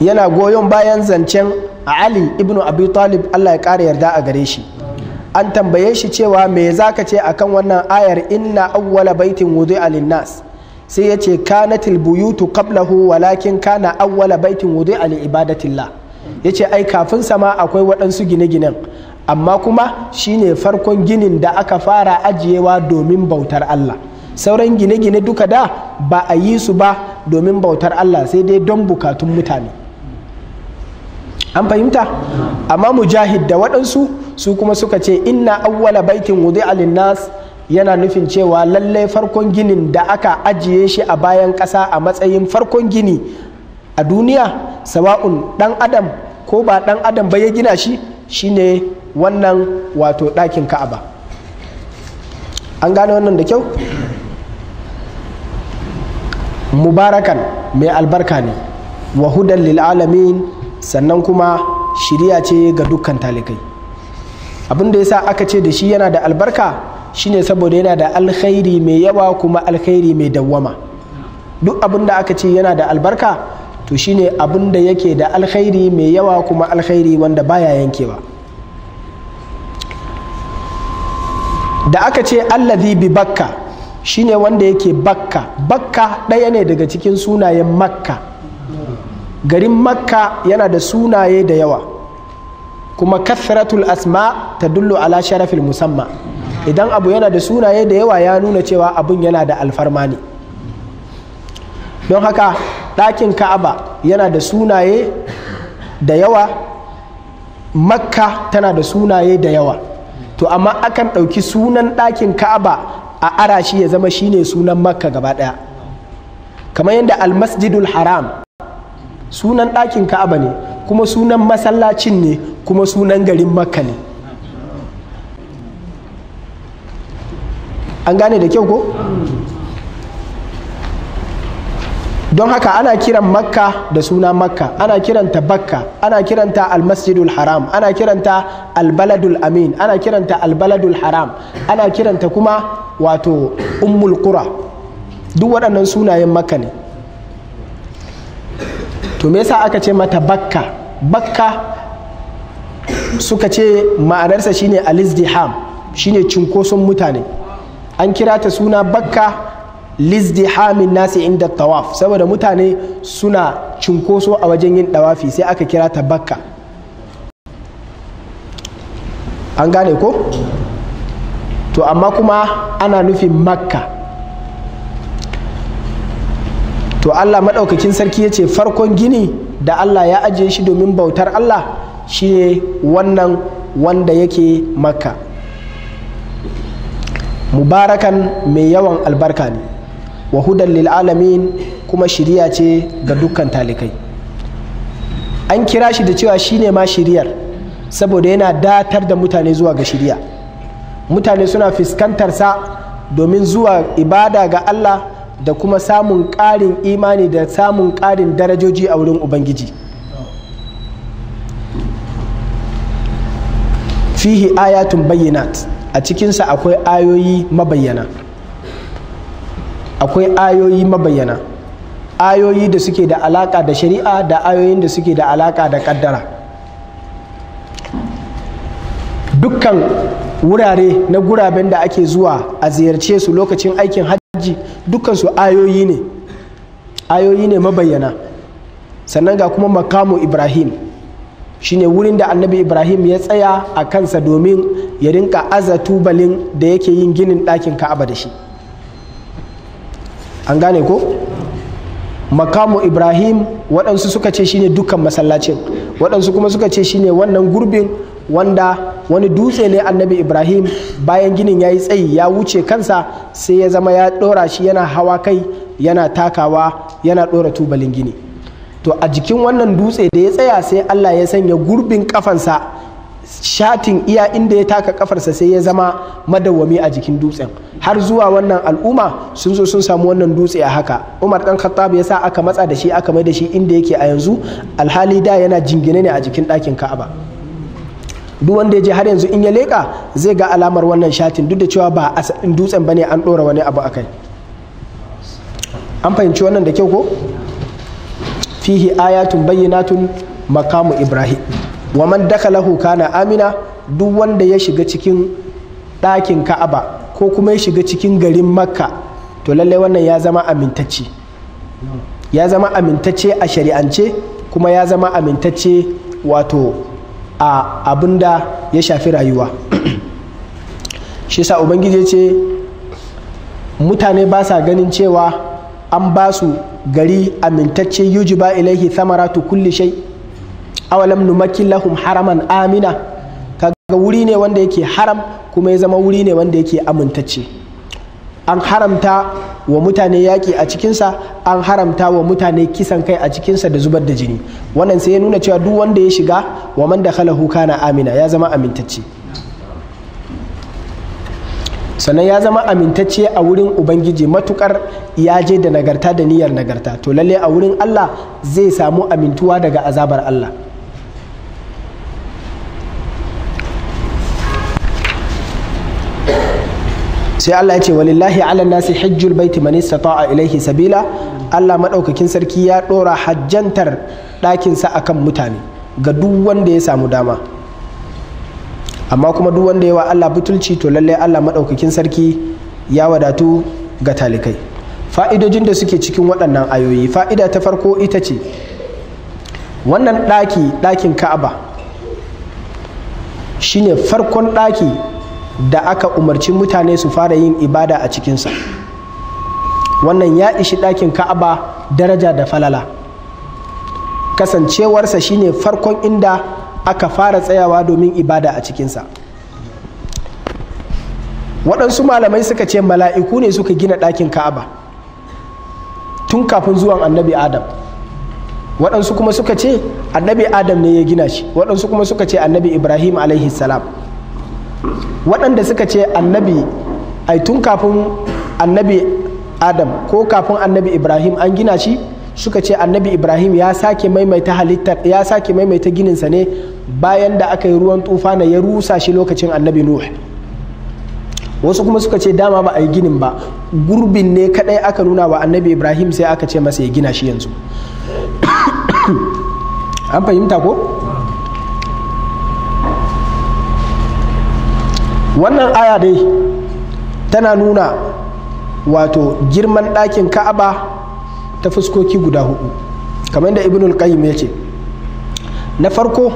yana goyon bayan zancen ali ibn abi talib allah ya ƙara yarda a gare shi an tambaye shi cewa me za ka ce akan wannan ayar inna awwala baitin wudu alinnas sai ya ce kanatil buyutu qablahu walakin kana awwala baitin wudu ibadatillah ya ce ai kafin sama akwai waɗansu gine-ginen amma kuma shine farkon ginin da aka fara ajiyewa domin bautar Allah sauran gine-gine duka da ba a yi su ba domin bautar Allah sai dai don bukatun mutane an fahimta amma mujahid da waɗansu su kuma suka ce inna awwala baitin wudi alinnas yana nufin cewa lallai farkon ginin da aka ajiye shi a bayan ƙasa a matsayin farkon gini a duniya sawa'un ɗan adam ko ba ɗan adam ba ya gina shi shine wannan wato ɗakin ka'aba an gane wannan da kyau mubarakan mai albarka ne wa hudan lil sannan kuma shirya ce ga dukkan talikai abin da yasa aka ce da shi yana da albarka shine saboda yana da alkhairi mai yawa kuma alkhairi mai dawwama duk abin da aka ce yana da albarka to shine abin da yake da alkhairi mai yawa kuma alkhairi wanda baya yankewa da aka ce allazi bi bakka shine wanda yake bakka bakka ɗaya ne daga cikin sunayen makka garin makka yana da sunaye da yawa kuma kasratul asma ta dullo ala sharafil musamma idan abu yana da sunaye da yawa ya nuna cewa abun yana da alfarma ne don haka ɗakin ka'aba yana da sunaye da yawa makka tana da sunaye da yawa to amma akan ɗauki sunan ɗakin ka'aba a arashi ya zama shine sunan makka gaba ɗaya kamar yadda almasjidul haram sunan ɗakin ka'aba ne kuma sunan masallacin ne kuma sunan garin makka ne an gane da kyau ko don haka ana kiran makka da suna makka ana kiranta bakka ana kiranta almasjidul haram ana kiranta albaladul amin ana kiranta albaladul haram ana kiranta kuma wato ummul qura duk waɗannan sunayen makka ne to me yasa aka ce mata bakka bakka suka ce ma'anarsa shine alizdiham shine cunkoson mutane an kira ta suna bakka Hamin, nasi inda tawaf saboda mutane suna cinkoso a wajen yin dawafi sai aka kira ta bakka an gane ko to amma kuma ana nufin makka to allah maɗaukakin sarki ya ce farkon gini da allah ya ajiye shi domin bautar allah shi ne wannan wanda yake makka mubarakan mai yawan albarka ne wa hudan lil alamin kuma shiriya ce ga dukkan talikai an kira shi da cewa shine ma shiriyar saboda yana datar da mutane zuwa ga shiriya mutane suna fuskantar sa domin zuwa ibada ga Allah da kuma samun ƙarin imani da samun ƙarin darajoji a wurin ubangiji fihi ayatun bayyanat a cikinsa akwai ayoyi mabayyana akwai ayoyi mabayyana ayoyi da suke da alaka da shari'a da ayoyin da suke da alaka da kaddara dukkan wurare na guraben da ake zuwa a ziyarce su lokacin aikin hajji dukkan su ayoyi ne ayoyi ne mabayyana sannan ga kuma makamu ibrahim shine wurin da annabi ibrahim ya tsaya a kansa domin ya rinka aza tubalin da yake yin ginin ɗakin ka'aba da shi an gane ko makamu ibrahim waɗansu suka ce shine dukkan masallacin waɗansu kuma suka ce shine wannan gurbin wanda wani dutse ne annabi ibrahim bayan ginin ya yi tsayi ya wuce kansa sai ya zama ya ɗora shi yana hawa kai yana takawa yana ɗora tubalin gini to a jikin wannan dutse da ya tsaya sai allah ya sanya gurbin kafansa shatin iya inda ya taka kafarsa sai ya zama madawwami a jikin dutsen har zuwa wannan al'umma sun zo sun samu wannan dutse a haka umar dan khattab ya sa aka matsa da shi aka mai da shi inda yake a yanzu alhali da yana jingine ne a jikin ɗakin ka'aba duk wanda ya je har yanzu in ya leka zai ga alamar wannan shatin duk da cewa ba asalin dutsen bane an ɗora wani abu akai an fahimci wannan da kyau ko fihi ayatun tun makamu ibrahim wa man dakalahu kana amina duk wanda ya shiga cikin ɗakin ka'aba ko kuma ya shiga cikin garin makka to lallai wannan ya zama amintacce ya zama amintacce a shari'ance kuma ya zama amintacce wato a abinda ya shafi rayuwa shi sa ubangiji ce mutane ba sa ganin cewa an ba su gari amintacce yuji ba ilaihi samaratu kulli shai awalam numakin lahum haraman amina kaga wuri ne wanda yake haram kuma ya zama wuri ne wanda yake amintacce an haramta wa mutane yaƙi a cikinsa an haramta wa mutane kisan kai a cikinsa da zubar da jini wannan sai ya nuna cewa duk wanda ya shiga wa man da kana amina ya zama amintacce sannan ya zama amintacce a wurin ubangiji matukar ya je da nagarta da niyyar nagarta to lalle a wurin allah zai samu amintuwa daga azabar allah sai Allah ya ce walillahi ala nasi hajjul baiti man istata'a ilaihi sabila Allah maɗaukakin sarki ya ɗora hajjantar ɗakinsa akan mutane ga duk wanda ya samu dama amma kuma duk wanda yawa Allah butulci to lallai Allah maɗaukakin sarki ya wadatu ga talikai fa'idojin da suke cikin waɗannan ayoyi fa'ida ta farko ita ce wannan ɗaki ɗakin ka'aba shine farkon ɗaki da aka umarci mutane su fara yin ibada a cikinsa wannan ya ishi ɗakin ka'aba daraja da falala kasancewarsa shine farkon inda aka fara tsayawa domin ibada a cikinsa waɗansu malamai suka ce mala'iku ne suka gina ɗakin ka'aba tun kafin zuwan annabi adam waɗansu kuma suka ce annabi adam ne ya gina shi waɗansu kuma suka ce annabi ibrahim alaihi salam waɗanda suka ce annabi ai tun kafin annabi adam ko kafin annabi ibrahim an gina shi suka ce annabi ibrahim ya sake maimaita halittar ya sake maimaita gininsa ne bayan da aka yi ruwan tufana ya rusa shi lokacin annabi nuh wasu kuma suka ce dama ba a yi ginin ba gurbin ne kadai aka nuna wa annabi ibrahim sai aka ce masa ya gina shi yanzu an fahimta ko wannan aya dai tana nuna wato girman ɗakin ka'aba ta fuskoki guda hudu kamar da ibnul qayyim ya ce na farko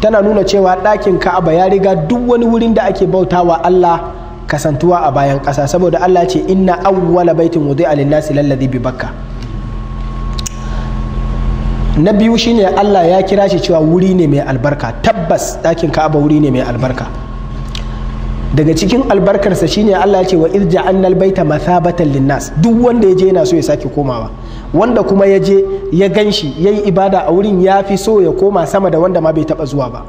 tana nuna cewa ɗakin ka'aba ya riga duk wani wurin da ake bauta wa Allah kasantuwa a bayan ƙasa saboda Allah ce inna awwala baitin wudi alinnasi lallazi bi bakka na biyu shine Allah ya kira shi cewa wuri ne mai albarka tabbas ɗakin ka'aba wuri ne mai albarka daga cikin albarkarsa shine Allah ya ce wa annal baita mathabatan linnas duk wanda ya je yana so ya sake komawa wanda kuma ya je ya gan shi ya yi ibada a wurin ya fi so ya koma sama da wanda ma bai taɓa zuwa ba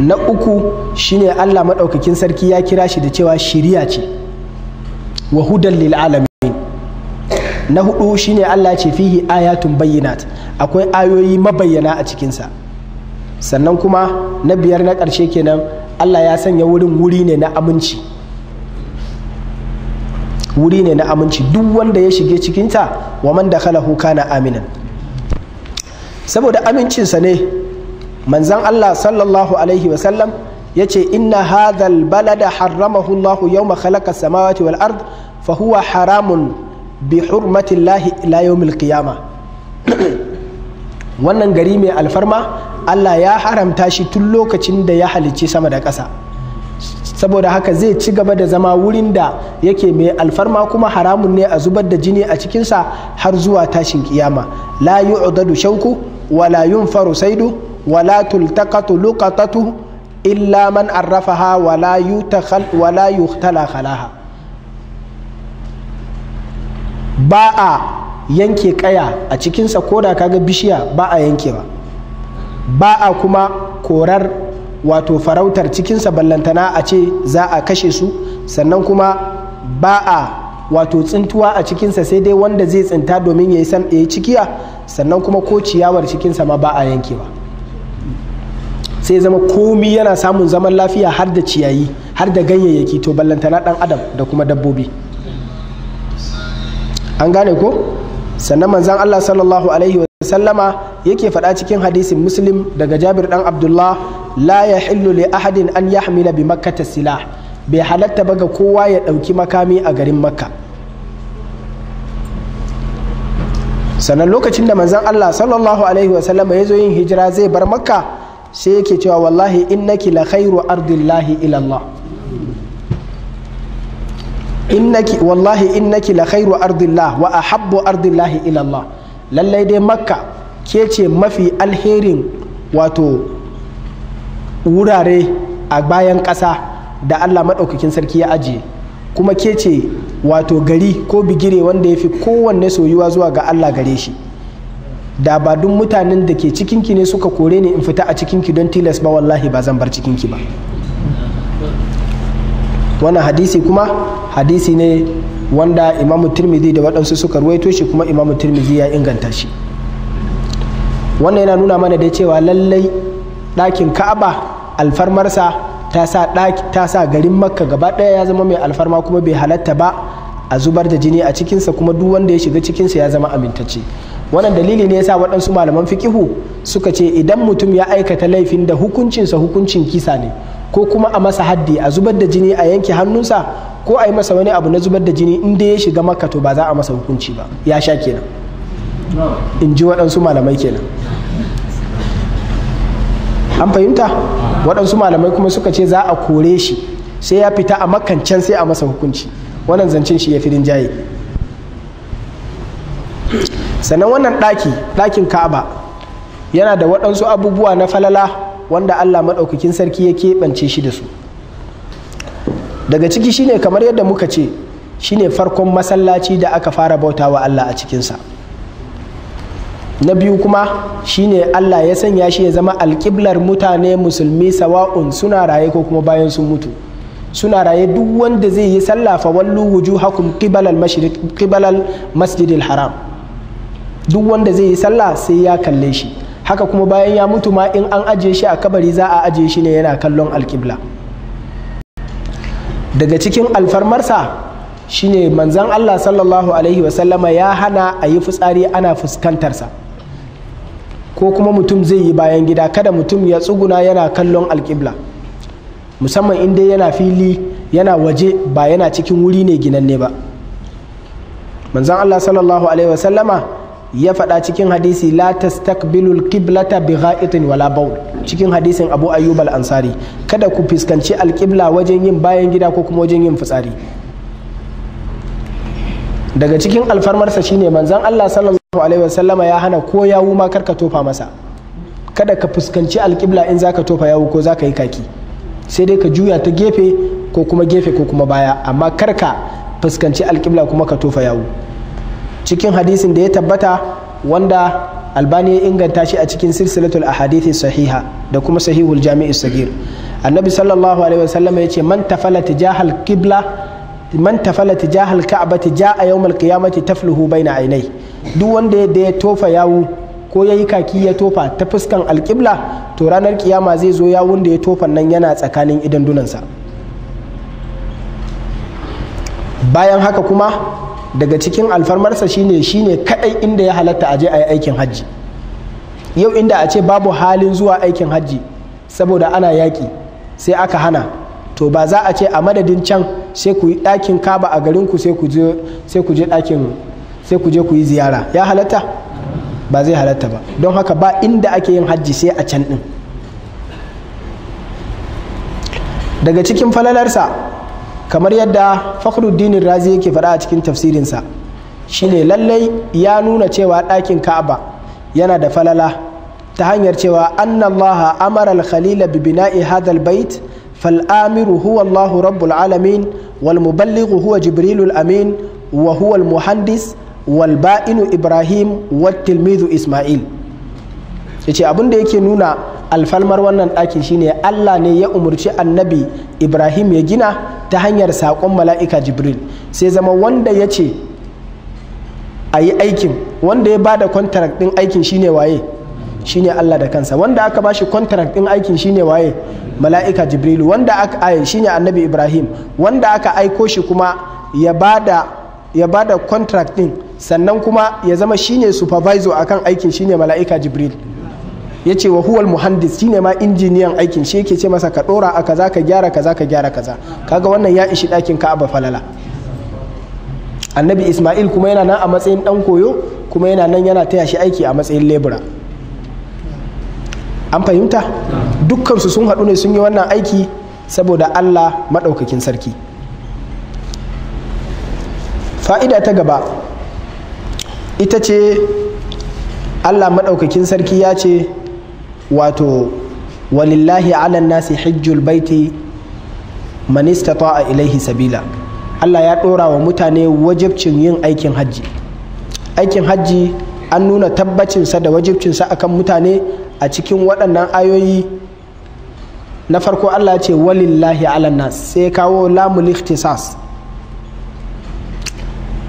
na uku shine allah maɗaukakin sarki ya kira shi da cewa shiriya ce wa hudan lil na hudu shine allah ce fihi ayatun bayyinat akwai ayoyi mabayyana a cikinsa sannan kuma na biyar na ƙarshe kenan allah ya sanya wurin wuri ne na aminci wuri ne na aminci duk wanda ya shige cikinta wa man dakhalahu kana aminan saboda amincinsa ne manzan Allah sallallahu alaihi wasallam ya ce inna hadhal balada harramahu Allah yawma khalaqa samawati wal ard fa huwa haramun bi hurmati Allah ila yawmil wannan gari mai alfarma Allah ya haramta shi tun lokacin da ya halicci sama da ƙasa saboda haka zai ci gaba da zama wurin da yake mai alfarma kuma haramun ne a zubar da jini a cikinsa har zuwa tashin kiyama la yu'dadu shauku wala yunfaru saidu wala tultaqatu luqatatu illa man arrafaha wala yutakhal wala yuhtala khalaha ba a yanke kaya a cikinsa ko da kaga bishiya ba a yankewa ba a kuma korar wato farautar cikinsa ballantana a ce za a kashe su sannan kuma ba a wato tsintuwa a cikinsa sai dai wanda zai tsinta domin ya yi cikiya sannan kuma ko ciyawar cikinsa ma ba a yankewa sai zama komi yana samun zaman lafiya har da ciyayi har da ganyayyaki to ballantana dan adam da kuma dabbobi an gane ko sannan manzan allah sallallahu alaihi wasallama yake faɗa cikin hadisin muslim daga jabir ɗan abdullah la ya hillu li ahadin an yahmila bi makkata silah bai halatta ba ga kowa ya ɗauki makami a garin makka sannan lokacin da manzon allah sallallahu alaihi wasallama ya zo yin hijira zai bar makka sai yake cewa wallahi innaki la khairu ardillahi ila allah innaki wallahi innaki la khairu ardillah wa ahabbu ardillahi ila allah lallai dai makka ke ce mafi alherin wato wurare a bayan ƙasa da Allah maɗaukakin sarki ya ajiye kuma ke ce wato gari ko bigire wanda ya fi kowanne soyuwa zuwa ga Allah gare shi da ba duk mutanen da ke cikinki ne suka kore ni in fita a cikinki don tilas ba wallahi ba zan bar cikinki ba wannan hadisi kuma hadisi ne wanda imamu turmizi da waɗansu suka ruwaito shi kuma imamu turmizi ya inganta shi wannan yana nuna mana da cewa lallai ɗakin ka'aba alfarmarsa ta sa garin makka gaba ɗaya ya zama mai alfarma kuma bai halatta ba a zubar da jini a cikinsa kuma duk wanda ya shiga cikinsa ya zama amintacce wannan dalili ne ya sa waɗansu malaman fikihu suka ce idan mutum ya aikata laifin da hukuncinsa hukuncin kisa ne ko kuma a masa haddi a zubar da jini a yanke hannunsa ko a yi masa wani abu na zubar da jini in dai ya shiga makka to ba za a masa hukunci ba ya sha kenan in ji waɗansu malamai kenan an fahimta waɗansu malamai kuma suka ce za a kore shi sai ya fita a makancan sai a masa hukunci wannan zancen shi ya fi rinjaye sannan wannan ɗaki ɗakin ka'aba yana da waɗansu abubuwa na falala wanda allah maɗaukakin sarki ya keɓance shi da su daga ciki shine kamar yadda muka ce shine farkon masallaci da aka fara bautawa allah a cikinsa na biyu kuma shine Allah ya sanya shi ya zama alƙiblar mutane musulmi sawa'un suna raye ko kuma bayan sun mutu suna raye duk wanda zai yi sallafa wallu wuju hakum ƙibalar masjidil haram duk wanda zai yi sallah sai ya kalle shi haka kuma bayan ya mutu ma in an ajiye shi a kabari za a ajiye shi ne yana kallon alƙibla daga cikin alfarmarsa shine manzan Allah sallallahu alaihi wasallama ya hana a yi fitsari ana fuskantarsa ko kuma mutum zai yi bayan gida kada mutum ya tsuguna yana kallon alƙibla musamman inda yana fili yana waje ba yana cikin wuri ne ginanne ba manzan allah sallallahu alaihi wasallama ya faɗa cikin hadisi la tastaqbilul ta bi gha'itin wala bawl cikin hadisin abu ayyub al ansari kada ku fuskanci alƙibla wajen yin bayan gida ko kuma wajen yin fitsari daga cikin alfarmarsa shine manzan allah sallallahu alaihi wasallama ya hana ko yawu ma karka tofa masa kada ka fuskanci alƙibla in zaka tofa yawu ko zaka yi kaki sai dai ka juya ta gefe ko kuma gefe ko kuma baya amma karka fuskanci alƙibla kuma ka tofa yawu cikin hadisin da ya tabbata wanda albani ya inganta shi a cikin silsilatul ahadithi sahiha da kuma sahihul jami'i sagir annabi sallallahu alaihi wasallam ya ce man tafala tijahal qibla man tafala tijahal ka'bati ja'a yawmal qiyamati tafluhu baina ainai duk wanda da ya tofa yawu ko yayi kaki ya tofa ta fuskan alqibla to ranar ƙiyama zai zo yawun da ya tofa nan yana tsakanin idan dunansa bayan haka kuma daga cikin alfarmarsa shine shine kadai inda ya halatta aje a yi aikin hajji yau inda a ce babu halin zuwa aikin hajji saboda ana yaƙi sai aka hana to ba za a ce a madadin can sai ku yi ɗakin kaba a garin ku sai ku je ɗakin sai ku je ku yi ziyara ya halatta ba zai halatta ba don haka ba inda ake yin hajji sai a can ɗin daga cikin falalarsa kamar yadda fakhruddinin razi yake faɗa a cikin tafsirinsa shine lallai ya nuna cewa ɗakin ka'aba yana da falala ta hanyar cewa annallaha amara al-khalila bi bina'i hadal bait فالآمر هو الله رب العالمين والمبلغ هو جبريل الأمين وهو المهندس والبائن إبراهيم والتلميذ إسماعيل yace abin da yake nuna alfalmar wannan ɗakin shine Allah ne ya umarci annabi Ibrahim ya gina ta hanyar saƙon mala'ika Jibril sai zama wanda ya ce a yi aikin wanda ya bada kwantarak ɗin aikin shine waye shine Allah da kansa wanda aka bashi contract din aikin shine waye mala'ika jibrilu wanda aka shi shine annabi ibrahim wanda aka aiko shi kuma ya bada ya bada contract sannan kuma ya zama shine supervisor akan aikin shine mala'ika jibril ya ce wa huwal muhandis ne ma injiniyan aikin shi yake ce masa ka dora a kaza ka gyara kaza ka gyara kaza kaga wannan ya ishi ɗakin ka'aba falala annabi isma'il kuma yana nan a matsayin ɗan koyo kuma yana nan yana taya shi aiki a matsayin lebura an fahimta dukkansu sun haɗu ne sun yi wannan aiki saboda allah maɗaukakin sarki fa'ida ta gaba ita ce allah maɗaukakin sarki ya ce wato walillahi ala nasi hijjul baiti man a ilaihi sabila allah ya ɗora wa mutane wajibcin yin aikin hajji aikin hajji an nuna tabbacinsa da wajibcinsa akan mutane a cikin waɗannan ayoyi na farko Allah ce walillahi ala nas sai kawo lamul ikhtisas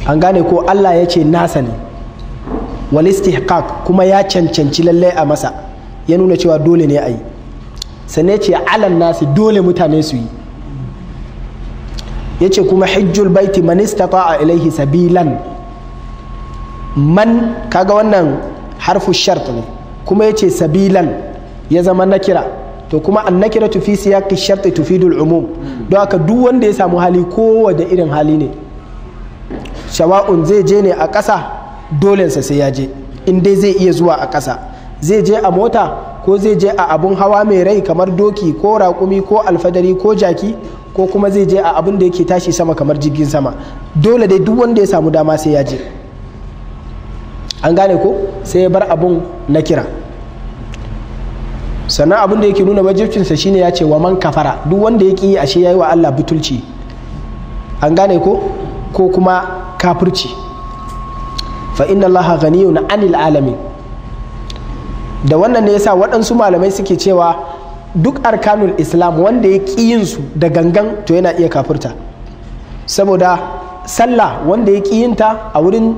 an gane ko Allah ya ce nasa ne walistihqaq kuma ya cancanci lallai a masa ya nuna cewa dole ne a yi sannan ce ala nasi dole mutane su yi ya ce kuma hijjul baiti man a ilaihi sabilan man kaga wannan harfu shart ne kuma ya ce sabilan ya zama nakira to kuma an nakira tufi ki sharti tufidul umum don haka duk wanda ya samu hali kowa da irin hali ne shawa'un zai je ne a ƙasa dolensa sai ya je in dai zai iya zuwa a ƙasa zai je a mota ko zai je a abun hawa mai rai kamar doki ko raƙumi ko alfadari ko jaki ko kuma zai je a abun da yake tashi sama kamar jirgin sama dole dai duk wanda ya samu dama sai ya je an gane ko sai ya bar abun na kira sannan abin da yake nuna majibcinsa shine ya ce wa man kafara duk wanda ya ƙi ashe ya yi wa Allah butulci an gane ko ko kuma kafirci fa inna Allah na anil alamin da wannan ne yasa waɗansu malamai suke cewa duk arkanul islam wanda ya ƙi yin su da gangan to yana iya kafirta saboda sallah wanda ya ƙi yinta a wurin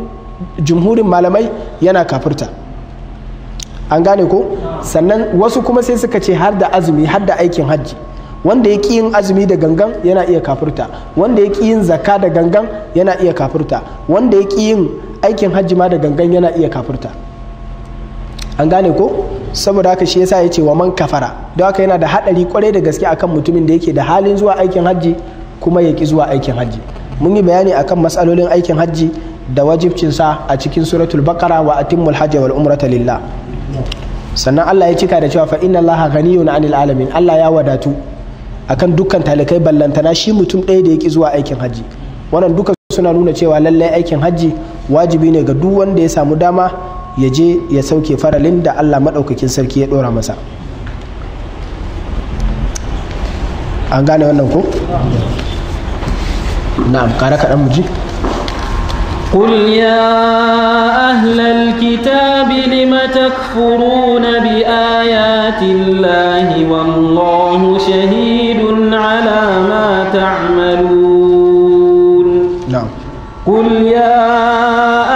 jumhurin malamai yana kafirta an gane ko sannan wasu kuma sai suka ce har da azumi har da aikin hajji wanda ya ƙi yin azumi da gangan yana iya kafirta wanda ya ƙi yin zakka da gangan yana iya kafirta wanda ya ƙi yin aikin hajji ma da gangan yana iya kafirta an gane ko saboda haka shi yasa ya ce wa man kafara don haka yana da haɗari kwarai da gaske akan mutumin da yake da halin zuwa aikin hajji kuma ya ƙi zuwa aikin hajji mun yi bayani akan matsalolin aikin hajji da wajibcinsa a cikin suratul bakara wa atimmul hajj wal umrata lillah sannan Allah ya cika da cewa fa inna Allah ghaniyun 'anil alamin Allah ya wadatu akan dukkan talikai ballantana shi mutum ɗaya da yake zuwa aikin hajji wannan duka suna nuna cewa lallai aikin hajji wajibi ne ga duk wanda ya samu dama ya je ya sauke faralin da Allah maɗaukakin sarki ya ɗora masa an gane wannan ko na'am kare kaɗan mu ji قل يا أهل الكتاب لم تكفرون بآيات الله والله شهيد على ما تعملون نعم قل يا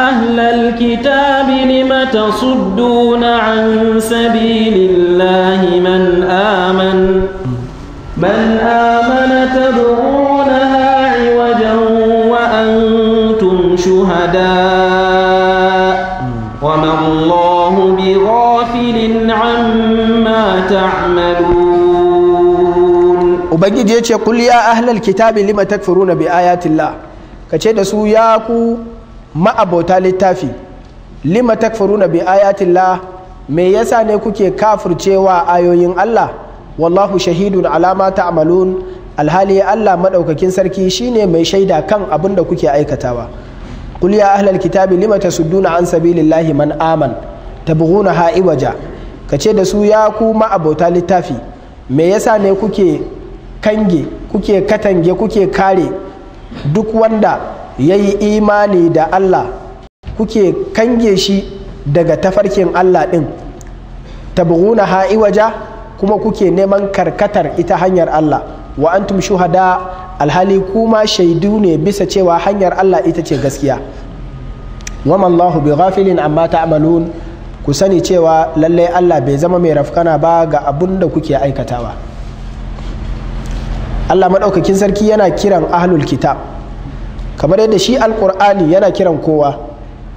أهل الكتاب لم تصدون عن سبيل ubangiji ya ce kul ya ahlal kitabi lima takfuruna bi ayatillah ka ce da su ya ku ma'abota littafi lima takfuruna bi ayatillah me yasa ne kuke kafircewa ayoyin Allah wallahu shahidun alama ta'malun alhali Allah madaukakin sarki shine mai shaida kan abin da kuke aikatawa kul ya ahlal kitabi lima tasudduna an sabilillahi man aman tabghuna ha'iwaja kace da su ya ku ma'abota littafi me yasa ne kuke kange kuke katange kuke kare duk wanda ya yi imani da Allah kuke kange shi daga tafarkin Allah ɗin ha'i waja kuma kuke neman karkatar ita hanyar Allah wa antum shuhada alhali kuma shaidu ne bisa cewa hanyar Allah ita ce gaskiya wa mallahu bi ghafilin amma ta'malun ku sani cewa lallai Allah bai zama mai rafkana ba ga abun da kuke aikatawa Allah maɗaukakin sarki yana kiran ahlul kitab kamar yadda shi alƙur'ani yana kiran kowa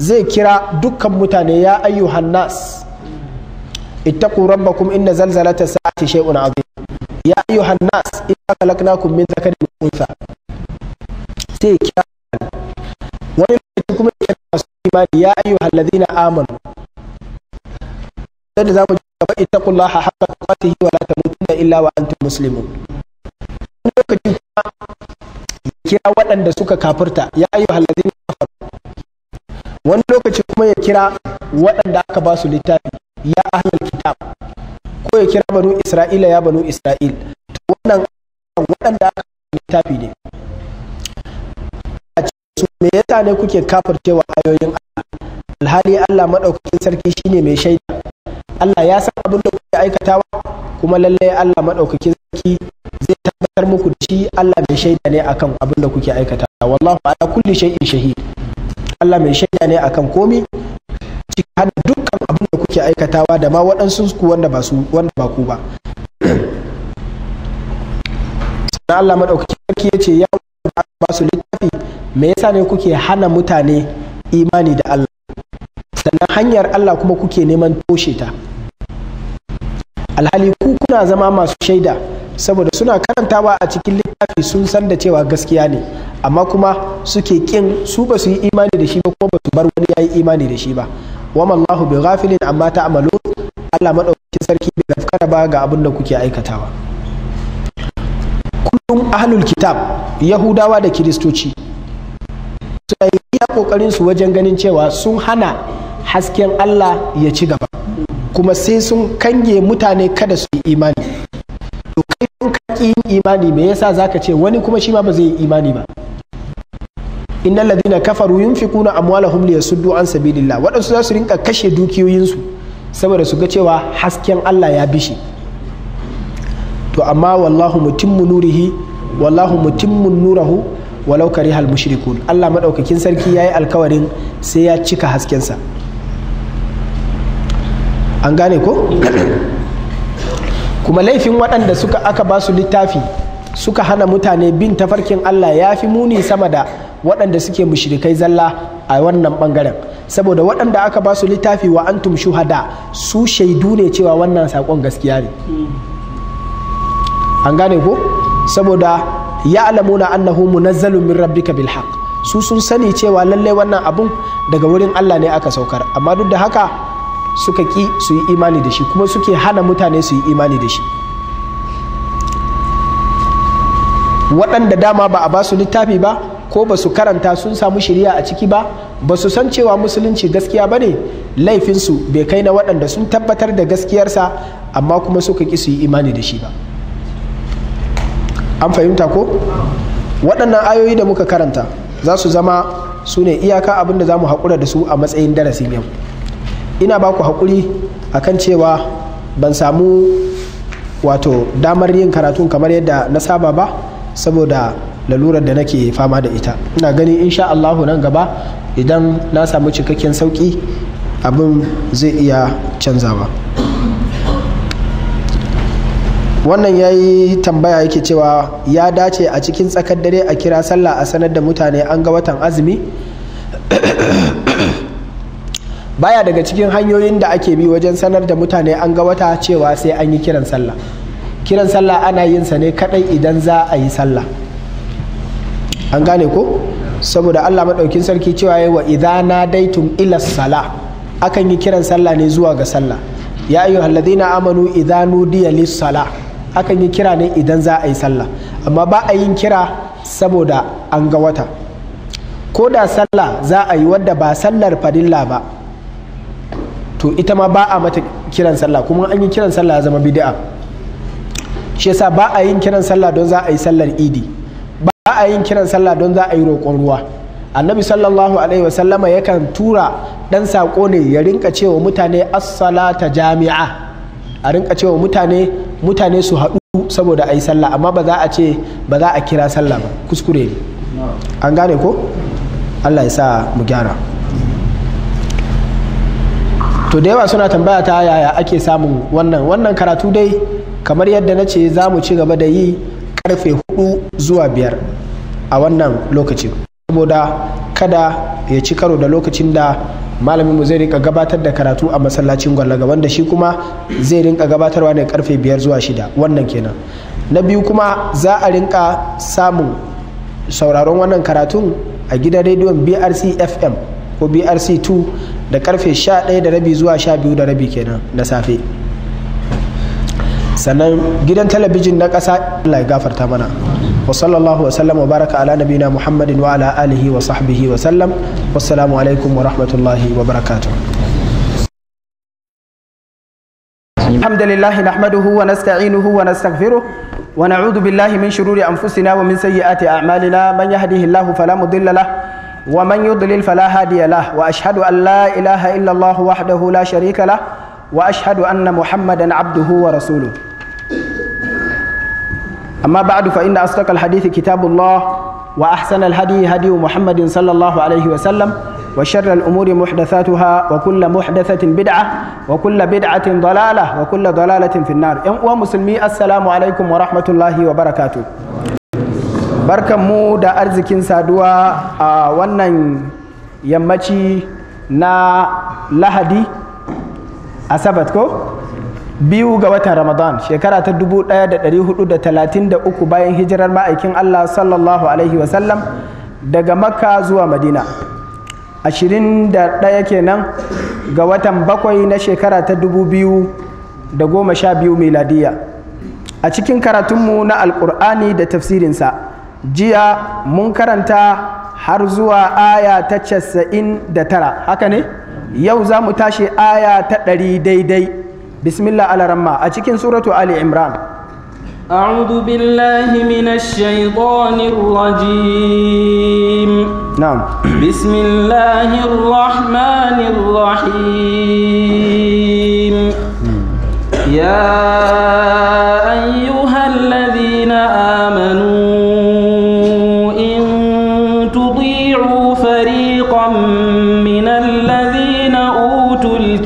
zai kira dukkan mutane ya ayyuhan nas ittaqu rabbakum inna zalzalata sa'ati shay'un azim ya ayyuhan nas inna khalaqnakum min dhakarin wa untha sai kira wani lokaci kuma ya kira masu imani ya ayyuhan ladina amanu da zamu ji gaba ittaqullaha haqqa tuqatihi wa la tamutunna illa wa antum muslimun lokacin kuma ya kira waɗanda suka kafirta ya ayyu halladin wani lokaci kuma ya kira waɗanda aka ba su littafi ya ahlal kitab ko ya kira banu isra'ila ya banu isra'il to wannan waɗanda aka ba su littafi ne a su me yasa ne kuke kafircewa ayoyin Allah alhali Allah madaukakin sarki shine mai shaida Allah ya san abin da kuke aikatawa kuma lallai Allah madaukakin sarki kar muku da shi Allah mai shaida ne akan abin da kuke aikata wallahu ala kulli shay'in shahid Allah mai shaida ne akan komai ciki har dukkan abin da kuke aikatawa da ma waɗansu ku wanda ba su wanda ba ku ba sai Allah madaukaki sarki yace ya ba su littafi me yasa ne kuke hana mutane imani da Allah sannan hanyar Allah kuma kuke neman toshe ta alhali ku kuna zama masu shaida saboda suna karantawa a cikin littafi sun san da cewa gaskiya ne amma kuma suke kin su ba su yi imani da shi ba kuma ba su bar wani yayi imani da shi ba wa mallahu bi ghafilin amma ta'malu Allah madaukakin sarki bai gafkara ba ga abin da kuke aikatawa kullum ahlul kitab yahudawa da kiristoci suna yi iya kokarin su wajen ganin cewa sun hana hasken Allah ya ci gaba kuma sai sun kange mutane kada su yi imani to kai in ka yin imani me yasa zaka ce wani kuma shi ma ba zai yi imani ba na ladina kafaru yunfikuna amwalahum liyasuddu an sabilillah wadansu za su rinka kashe dukiyoyinsu saboda su ga cewa hasken Allah ya bishi to amma wallahu mutimmu nurihi wallahu mutimmu nurahu walau karihal mushrikun Allah madaukakin sarki yayi alkawarin sai ya cika haskensa sa an gane ko kuma laifin waɗanda suka aka ba su littafi suka hana mutane bin tafarkin Allah ya fi muni sama da waɗanda suke mushrikai zalla a wannan ɓangaren saboda waɗanda aka ba su littafi wa antum shuhada su shaidu ne cewa wannan saƙon gaskiya ne an gane ko saboda ya alamuna annahu munazzalun min rabbika bil haqq su sun sani cewa lallai wannan abun daga wurin Allah ne aka saukar amma duk da haka suka ki su yi imani da shi kuma suke hana mutane su yi imani da shi waɗanda dama ba a ba su littafi ba ko ba su karanta sun samu shirya a ciki ba ba su san cewa musulunci gaskiya ba ne laifinsu bai kai na waɗanda sun tabbatar da gaskiyarsa amma kuma suka ki su yi imani da shi ba an fahimta ko waɗannan ayoyi da muka karanta za su zama su ne iyaka abin da za mu haƙura da su a matsayin darasin yau ina ba ku haƙuri akan cewa ban samu wato damar yin karatun kamar yadda na saba ba saboda lalurar da nake fama da ita ina gani insha Allahu nan gaba idan na samu cikakken sauki abin zai iya canzawa wannan ya yi tambaya yake cewa ya dace a cikin tsakar dare a kira sallah a sanar da mutane an ga watan azumi baya daga cikin hanyoyin da ake bi wajen sanar da mutane an ga wata cewa sai an yi kiran sallah kiran sallah ana yin sa ne kadai idan za a yi sallah an gane ko saboda Allah maɗaukin sarki cewa ya wa idana daitum ila sala akan yi kiran sallah ne zuwa ga sallah ya ayyu amanu idanu nudiya lis sala akan yi kira ne idan za a yi sallah amma ba a yin kira saboda an ga wata ko da sallah za a yi wadda ba sallar fadilla ba to ita ma ba a mata kiran sallah kuma an yi kiran sallah ya zama bid'a shi yasa ba a yin kiran sallah don za a yi sallar idi ba a yin kiran sallah don za a yi roƙon ruwa annabi sallallahu alaihi wa ya yakan tura dan sako ne ya rinka cewa mutane as-salata jami'a a rinka cewa mutane mutane su haɗu saboda a yi sallah amma ba za a ce ba za a kira sallah ba kuskure an gane ko allah ya sa mu gyara to da yawa suna tambaya ta yaya ake samun wannan wannan karatu dai kamar yadda na ce za mu ci gaba da yi karfe hudu zuwa biyar a wannan lokacin saboda kada ya ci karo da lokacin da malamin mu zai rinka gabatar da karatu a masallacin gwallaga wanda shi kuma zai rinka gabatarwa ne karfe biyar zuwa shida wannan kenan na biyu kuma za a rinka samun sauraron wannan karatun a gidan rediyon brc fm ko brc 2 da karfe 11 da rabi zuwa 12 da rabi kenan na safe sannan gidan talabijin na ƙasa Allah ya gafarta mana wa sallallahu wa sallam wa baraka ala nabina muhammadin wa ala alihi wa sahbihi wa sallam wassalamu alaikum wa rahmatullahi wa barakatuh الحمد لله نحمده ونستعينه ونستغفره ونعوذ بالله من شرور انفسنا ومن سيئات اعمالنا من يهده الله فلا مضل له ومن يضلل فلا هادي له واشهد ان لا اله الا الله وحده لا شريك له واشهد ان محمدا عبده ورسوله اما بعد فان اصدق الحديث كتاب الله واحسن الهدي هدي محمد صلى الله عليه وسلم وشر الامور محدثاتها وكل محدثه بدعه وكل بدعه ضلاله وكل ضلاله في النار ان مسلمي السلام عليكم ورحمه الله وبركاته Barkan mu da arzikin saduwa a wannan yammaci na lahadi asabat ko biyu ga watan ramadan shekara ta 1433 bayan hijirar ma'aikin allah sallallahu alaihi wasallam daga makka zuwa madina 21 kenan ga watan bakwai na shekara ta 2012 miladiya a cikin karatunmu na alkur'ani da tafsirinsa jiya mun karanta har zuwa aya ta casa'in da tara haka ne yau za mu tashi aya ta ɗari daidai bismillah alaramma a cikin suratu ali imran أعوذ بالله من الشيطان الرجيم نعم بسم الله الرحمن الرحيم يا أيها الذين آمنوا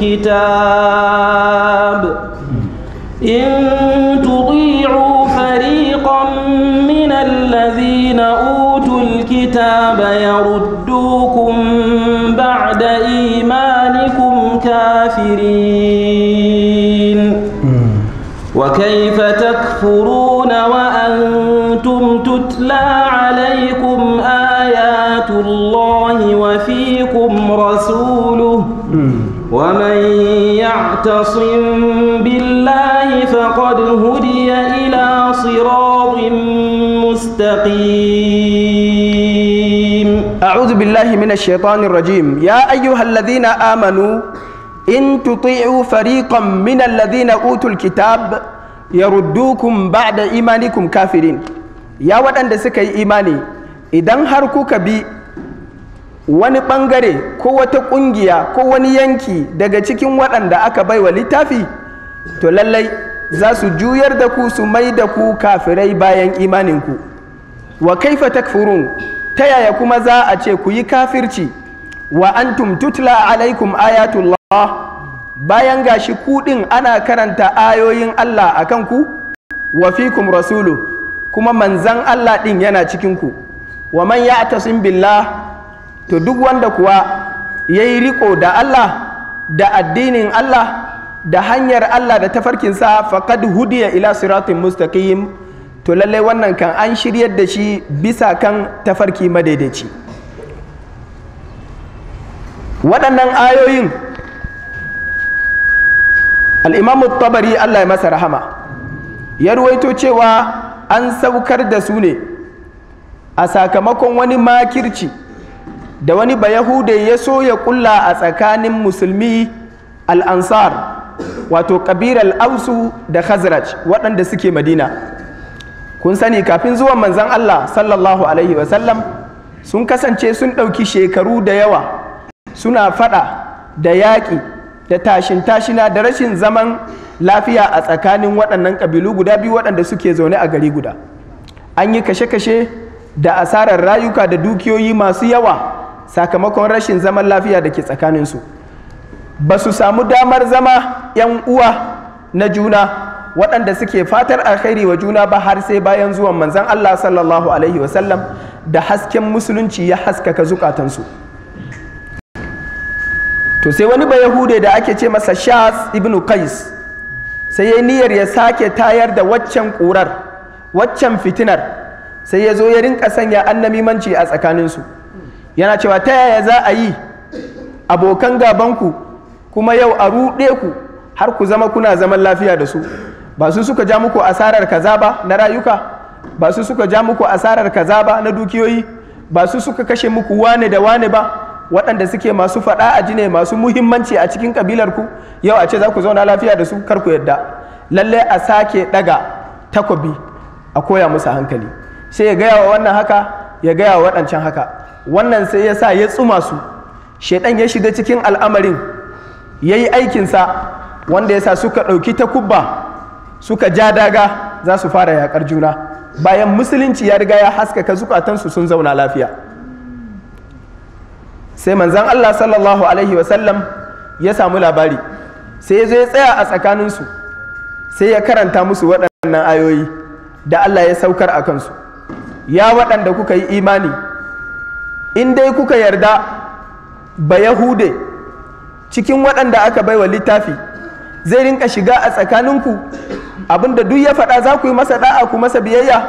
الكتاب إن تطيعوا فريقا من الذين أوتوا الكتاب يردوكم بعد إيمانكم كافرين وكيف تكفرون وأنتم تتلى عليكم آيات الله وفيكم رسول ومن يعتصم بالله فقد هدي إلى صراط مستقيم أعوذ بالله من الشيطان الرجيم يا أيها الذين آمنوا إن تطيعوا فريقا من الذين أوتوا الكتاب يردوكم بعد إيمانكم كافرين يا ودن سكي إيماني إذا هركوك بي wani ɓangare ko wata ƙungiya ko wani yanki daga cikin waɗanda aka baiwa littafi to lallai za su juyar da ku su mai da ku kafirai bayan imaninku wa kaifa takfurun ta yaya kuma za a ce ku yi kafirci wa antum tutla alaikum ayatullah bayan gashi ku ɗin ana karanta ayoyin Allah a kanku wa fikum rasulu kuma manzan Allah ɗin yana cikinku wa man ya billah to duk wanda kuwa ya yi riko da Allah da addinin Allah da hanyar Allah da tafarkinsa faqad hudiya ila siratin mustaqim to lallai wannan kan an shiryar da shi bisa kan tafarki madaidaici waɗannan ayoyin al'imamu tabari Allah ya masa rahama ya ruwaito cewa an saukar da su ne a sakamakon wani makirci da wani bayahude ya so ya kulla a tsakanin musulmi al'ansar wato kabilar ausu da khazraj waɗanda suke madina kun sani kafin zuwan manzan allah sallallahu alaihi wasallam sun kasance sun ɗauki shekaru da yawa suna faɗa da yaƙi da tashin tashina da rashin zaman lafiya a tsakanin waɗannan ƙabilu guda biyu waɗanda suke zaune a gari guda an yi kashe-kashe da asarar rayuka da dukiyoyi masu yawa sakamakon rashin zaman lafiya da ke tsakaninsu ba su samu damar zama 'yan uwa na juna waɗanda suke fatar alkhairi wa juna ba har sai bayan zuwan manzan Allah sallallahu alaihi wasallam da hasken musulunci ya haskaka zukatansu to sai wani bayahude da ake ce masa shas ibn qais sai ya niyyar ya sake tayar da waccan ƙurar waccan fitinar sai ya zo ya rinka sanya annamimanci a tsakaninsu yana cewa ta yaya za a yi abokan gabanku kuma yau a ruɗe ku har ku zama kuna zaman lafiya da su ba su suka ja muku asarar kaza ba na rayuka ba su suka ja muku asarar kaza ba na dukiyoyi ba su suka kashe muku wane da wane ba waɗanda suke masu faɗa a jine masu muhimmanci a cikin ku? yau a ce za ku zauna lafiya da su kar ku yadda lalle a sake ɗaga takobi a koya musu hankali sai ya gaya wa wannan haka ya gaya wa waɗancan haka wannan sai ya sa ya tsuma su shaidan ya shiga cikin al'amarin ya yi aikinsa wanda ya sa suka ɗauki ta kubba suka ja daga za su fara yaƙar juna bayan musulunci ya riga ya haskaka zukatansu sun zauna lafiya sai manzan allah sallallahu alaihi wasallam ya samu labari sai ya zo ya tsaya a tsakaninsu sai ya karanta musu waɗannan ayoyi da allah ya saukar a kansu ya waɗanda kuka yi imani in dai kuka yarda ba yahude cikin waɗanda aka baiwa littafi zai rinka shiga a tsakaninku abinda duk ya faɗa za ku yi masa ɗa'a ku masa biyayya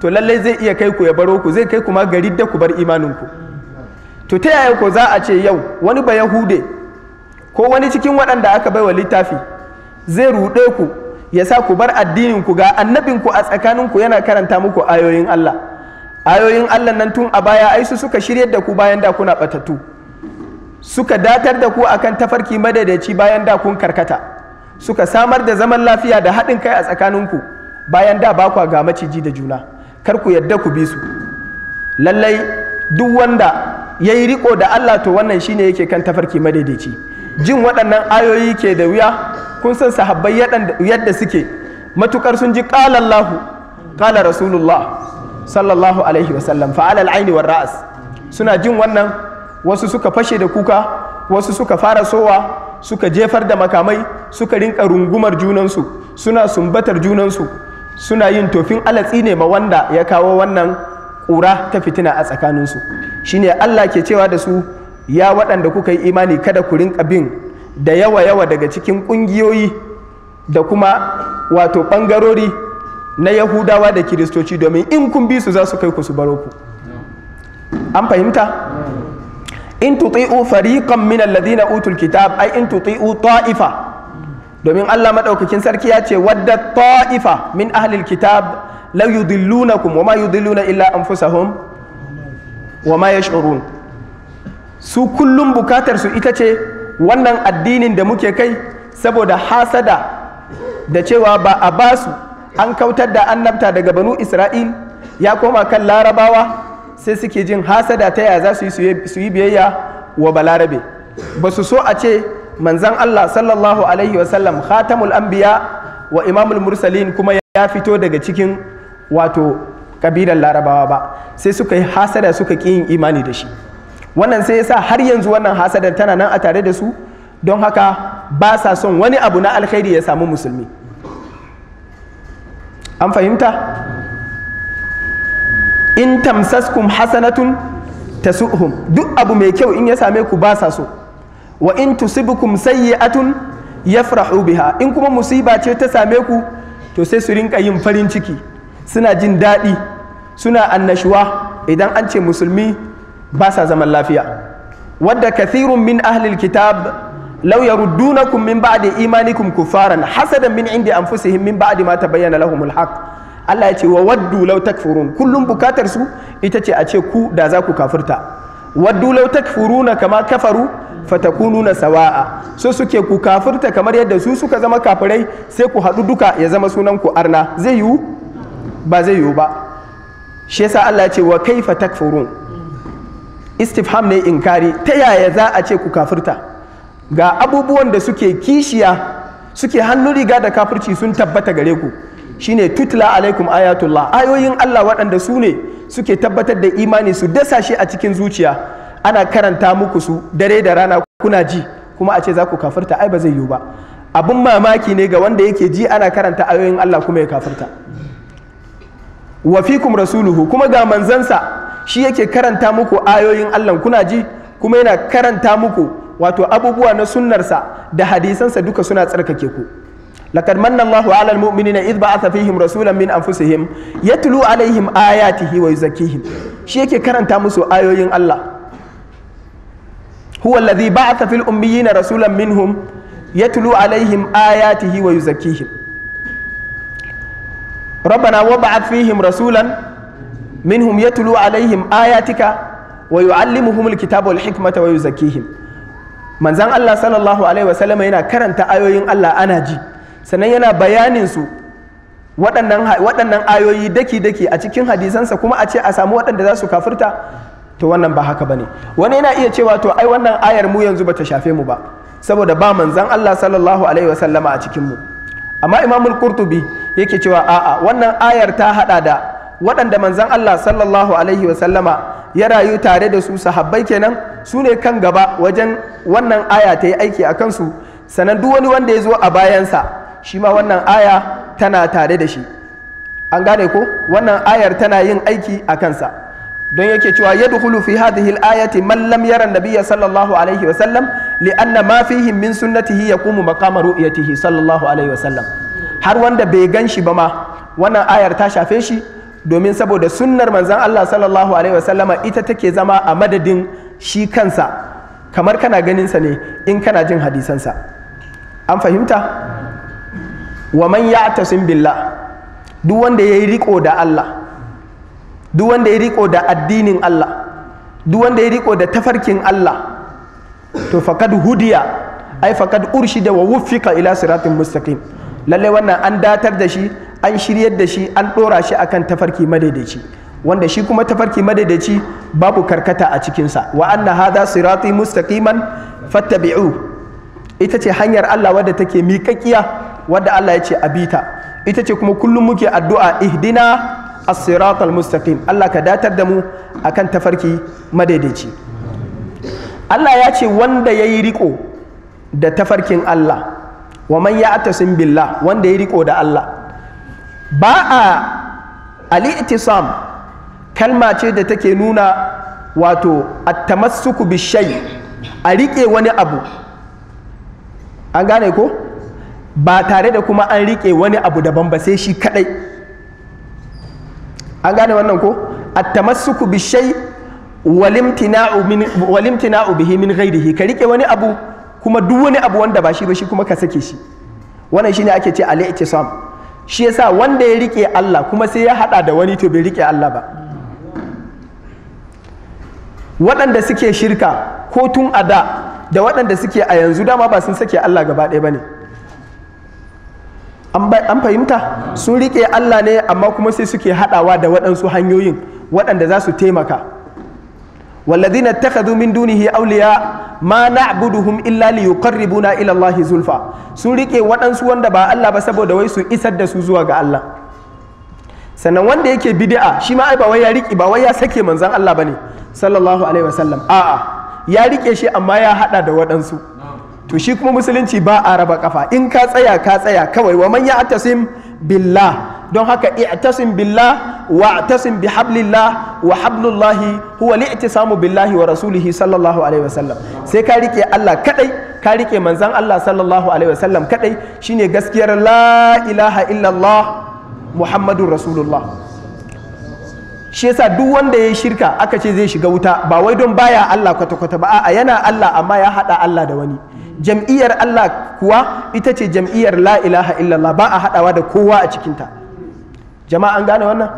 to lallai zai iya kai ku ya baro ku zai kai ku ma gari da ku bar imaninku to ta yaya ko za a ce yau wani ba yahude ko wani cikin waɗanda aka baiwa littafi zai ruɗe ku ya sa ku bar addinin ku ga annabinku a tsakaninku yana karanta muku ayoyin Allah ayoyin Allah nan tun a baya ai su suka shiryar da ku bayan da kuna batattu, suka datar da ku akan tafarki madadaci bayan da kun karkata suka samar da zaman lafiya da haɗin kai a tsakaninku bayan da ba kwa ga maciji da juna kar ku yadda ku bi su lallai duk wanda ya yi riko da Allah to wannan shine yake kan tafarki madadaci jin waɗannan ayoyi ke da wuya kun san sahabbai yadda suke matukar sun ji ƙalallahu ƙala rasulullah sallallahu alaihi wasallam fa'ala al'aini wa ra'as suna jin wannan wasu suka fashe da kuka wasu suka fara sowa suka jefar da makamai suka rinka rungumar junansu suna sumbatar junansu suna yin tofin alatsi ne ma wanda ya kawo wannan ƙura ta fitina a tsakaninsu shine Allah ke cewa da su ya waɗanda kuka yi imani kada ku rinka bin da yawa yawa daga cikin ƙungiyoyi da kuma wato ɓangarori na yahudawa da kiristoci domin in kun bi su za su kai ku su baro ku an fahimta in tuti'u fariqan min alladhina utul kitab ai in tuti'u ta'ifa domin Allah madaukakin sarki ya ce wadda ta'ifa min ahlil kitab la yudillunakum wa ma yudilluna illa anfusahum wa ma yash'urun su kullum bukatar su ita ce wannan addinin da muke kai saboda hasada da cewa ba a basu an kautar da annabta daga banu isra'il ya koma kan larabawa sai suke jin hasada ta yaya za su yi biyayya wa balarabe ba su so a ce manzan allah sallallahu alaihi wasallam khatamul anbiya wa imamul mursalin kuma ya fito daga cikin wato kabilan larabawa ba sai suka yi hasada suka ƙi yin imani da shi wannan sai ya sa har yanzu wannan hasadar tana nan a tare da su don haka ba sa son wani abu na alkhairi ya samu musulmi an fahimta in tamsaskum hasanatun tasu'hum duk abu mai kyau in ya same ku ba sa so wa in tusibukum sayyi'atun yafrahu biha in kuma musiba ce ta same ku to sai su rinka yin farin ciki suna jin daɗi suna annashuwa idan an ce musulmi ba sa zaman lafiya wadda kathirun min ahlil kitab law yaruddunakum min ba'di imanikum kufaran hasadan min indi anfusihim min ba'di ma tabayyana lahumul haqq Allah ya ce wa waddu law takfurun kullum bukatar su ita ce a ce ku da za ku kafirta waddu law takfuruna kama kafaru fatakununa sawa'a su suke ku kafurta kamar yadda su suka zama kafirai sai ku haɗu duka ya zama sunan ku arna zai yiwu ba zai yiwu ba shi yasa Allah ya ce wa kaifa takfurun istifham ne in kare ta yaya za a ce ku kafurta. ga abubuwan da suke kishiya suke hannu riga da kafirci sun tabbata gare ku shine tutla alaikum ayatullah ayoyin Allah waɗanda su ne suke tabbatar da imani su dasa shi a cikin zuciya ana karanta muku su dare da rana kuna ji kuma a ce za ku kafirta ai ba zai yiwu ba abin mamaki ne ga wanda yake ji ana karanta ayoyin Allah kuma ya kafirta Wafikun rasuluhu kuma ga manzansa shi yake karanta muku ayoyin Allah kuna ji kuma yana karanta muku wato abubuwa na sunnarsa da hadisansa duka suna tsarkake ku Lakar manna Allahu 'ala al-mu'minina idh ba'atha tafihim rasulan min an anfusihim yatlu 'alaihim ayatihi wa yuzakkihim shi yake karanta musu ayoyin Allah huwa alladhi ba'atha fil ummiyina rasulan minhum yatlu 'alaihim ayatihi wa yuzakkihim ya وابعث فيهم رسولا منهم يتلو عليهم آياتك ويعلمهم الكتاب والحكمة ويزكيهم manzan Allah sallallahu alaihi wasallam yana karanta ayoyin Allah ana ji sannan yana bayanin su waɗannan ayoyi daki-daki a cikin hadisansa kuma a ce a samu waɗanda za su kafirta to wannan ba haka ba ne. wani yana iya cewa to ai wannan ayar mu yanzu ba ta shafe mu ba saboda ba manzan Allah sallallahu alaihi wasallama a cikin amma imamul kurtubi yake cewa a'a wannan ayar ta haɗa da waɗanda manzan Allah sallallahu alaihi wasallama ya rayu tare da su sahabbai kenan su ne kan gaba wajen wannan aya ta yi aiki a kansu sannan duk wani wanda ya zo a bayansa shi ma wannan aya tana tare da shi an gane ko wannan ayar tana yin aiki a kansa don yake cewa yadkhulu fi hadhihi al-ayati man lam yara an sallallahu alaihi wa sallam li'anna ma fihi min sunnatihi yaqumu maqama ru'yatihi sallallahu alaihi wa sallam har wanda bai gan shi ba ma wannan ayar ta shafe shi domin saboda sunnar manzan Allah sallallahu alaihi wasallama ita take zama a madadin shi kansa kamar kana ganinsa ne in kana jin hadisansa an fahimta wa man sun billah duk wanda ya yi riko da Allah duk wanda ya riko da addinin Allah duk wanda ya riko da tafarkin Allah to fakad hudiya ai fakad urshida wa wuffiqa ila siratin mustaqim lallai wannan an datar da shi an shiryar da shi an ɗora shi akan tafarki madaidaici wanda shi kuma tafarki madaidaici babu karkata a cikinsa wa anna hadha sirati mustaqiman fattabi'u ita ce hanyar Allah wadda take miƙaƙiya wadda Allah ya ce abita ita ce kuma kullum muke addu'a ihdina as-sirat mustaqim Allah ka datar da mu akan tafarki madaidaici Allah ya ce wanda yayi riko da tafarkin Allah wa man ya'tasim billah wanda ya riko da Allah ba a al-i'tisam kalma ce da take nuna wato at-tamassuku bishai a rike wani abu an gane ko ba tare da kuma an rike wani abu daban ba sai shi kadai an gane wannan ko at-tamassuku bishai walimtina'u min walimtina'u bihi min ghairihi ka rike wani abu kuma duk wani abu wanda ba shi ba shi kuma ka sake shi wannan shine ake ce al-i'tisam shi yasa wanda ya rike Allah kuma sai ya hada da wani to bai rike Allah ba waɗanda suke shirka ko tun a da da waɗanda suke a yanzu dama ba sun sake Allah gaba ɗaya ba ne an fahimta sun rike Allah ne amma kuma sai suke haɗawa da waɗansu hanyoyin waɗanda za su taimaka والذين اتخذوا من دونه أولياء ما نعبدهم إلا ليقربونا إلى الله زلفى riƙe waɗansu wanda ba Allah ba saboda wai su isar da su zuwa ga Allah sannan wanda yake bid'a shi ma ai ba wai ya riki ba wai ya sake manzon Allah bane sallallahu alaihi wasallam a'a ya rike shi amma ya hada da waɗansu to shi kuma musulunci ba a raba kafa in ka tsaya ka tsaya kawai wa man ya atasim billah don haka i'tasim billah wa i'tasim bihablillah wa hablullahi huwa li'tisamu billahi wa rasulihi sallallahu alaihi wasallam sai ka rike Allah kadai ka rike manzan Allah sallallahu alaihi wasallam kadai shine gaskiyar la ilaha illallah muhammadur rasulullah shi yasa duk wanda ya shirka aka ce zai shiga wuta ba wai don baya Allah kwata-kwata ba a yana Allah amma ya hada Allah da wani jam'iyyar Allah kuwa ita ce jam'iyyar la ilaha illallah ba a hadawa da kowa a cikinta jama'a an gane wannan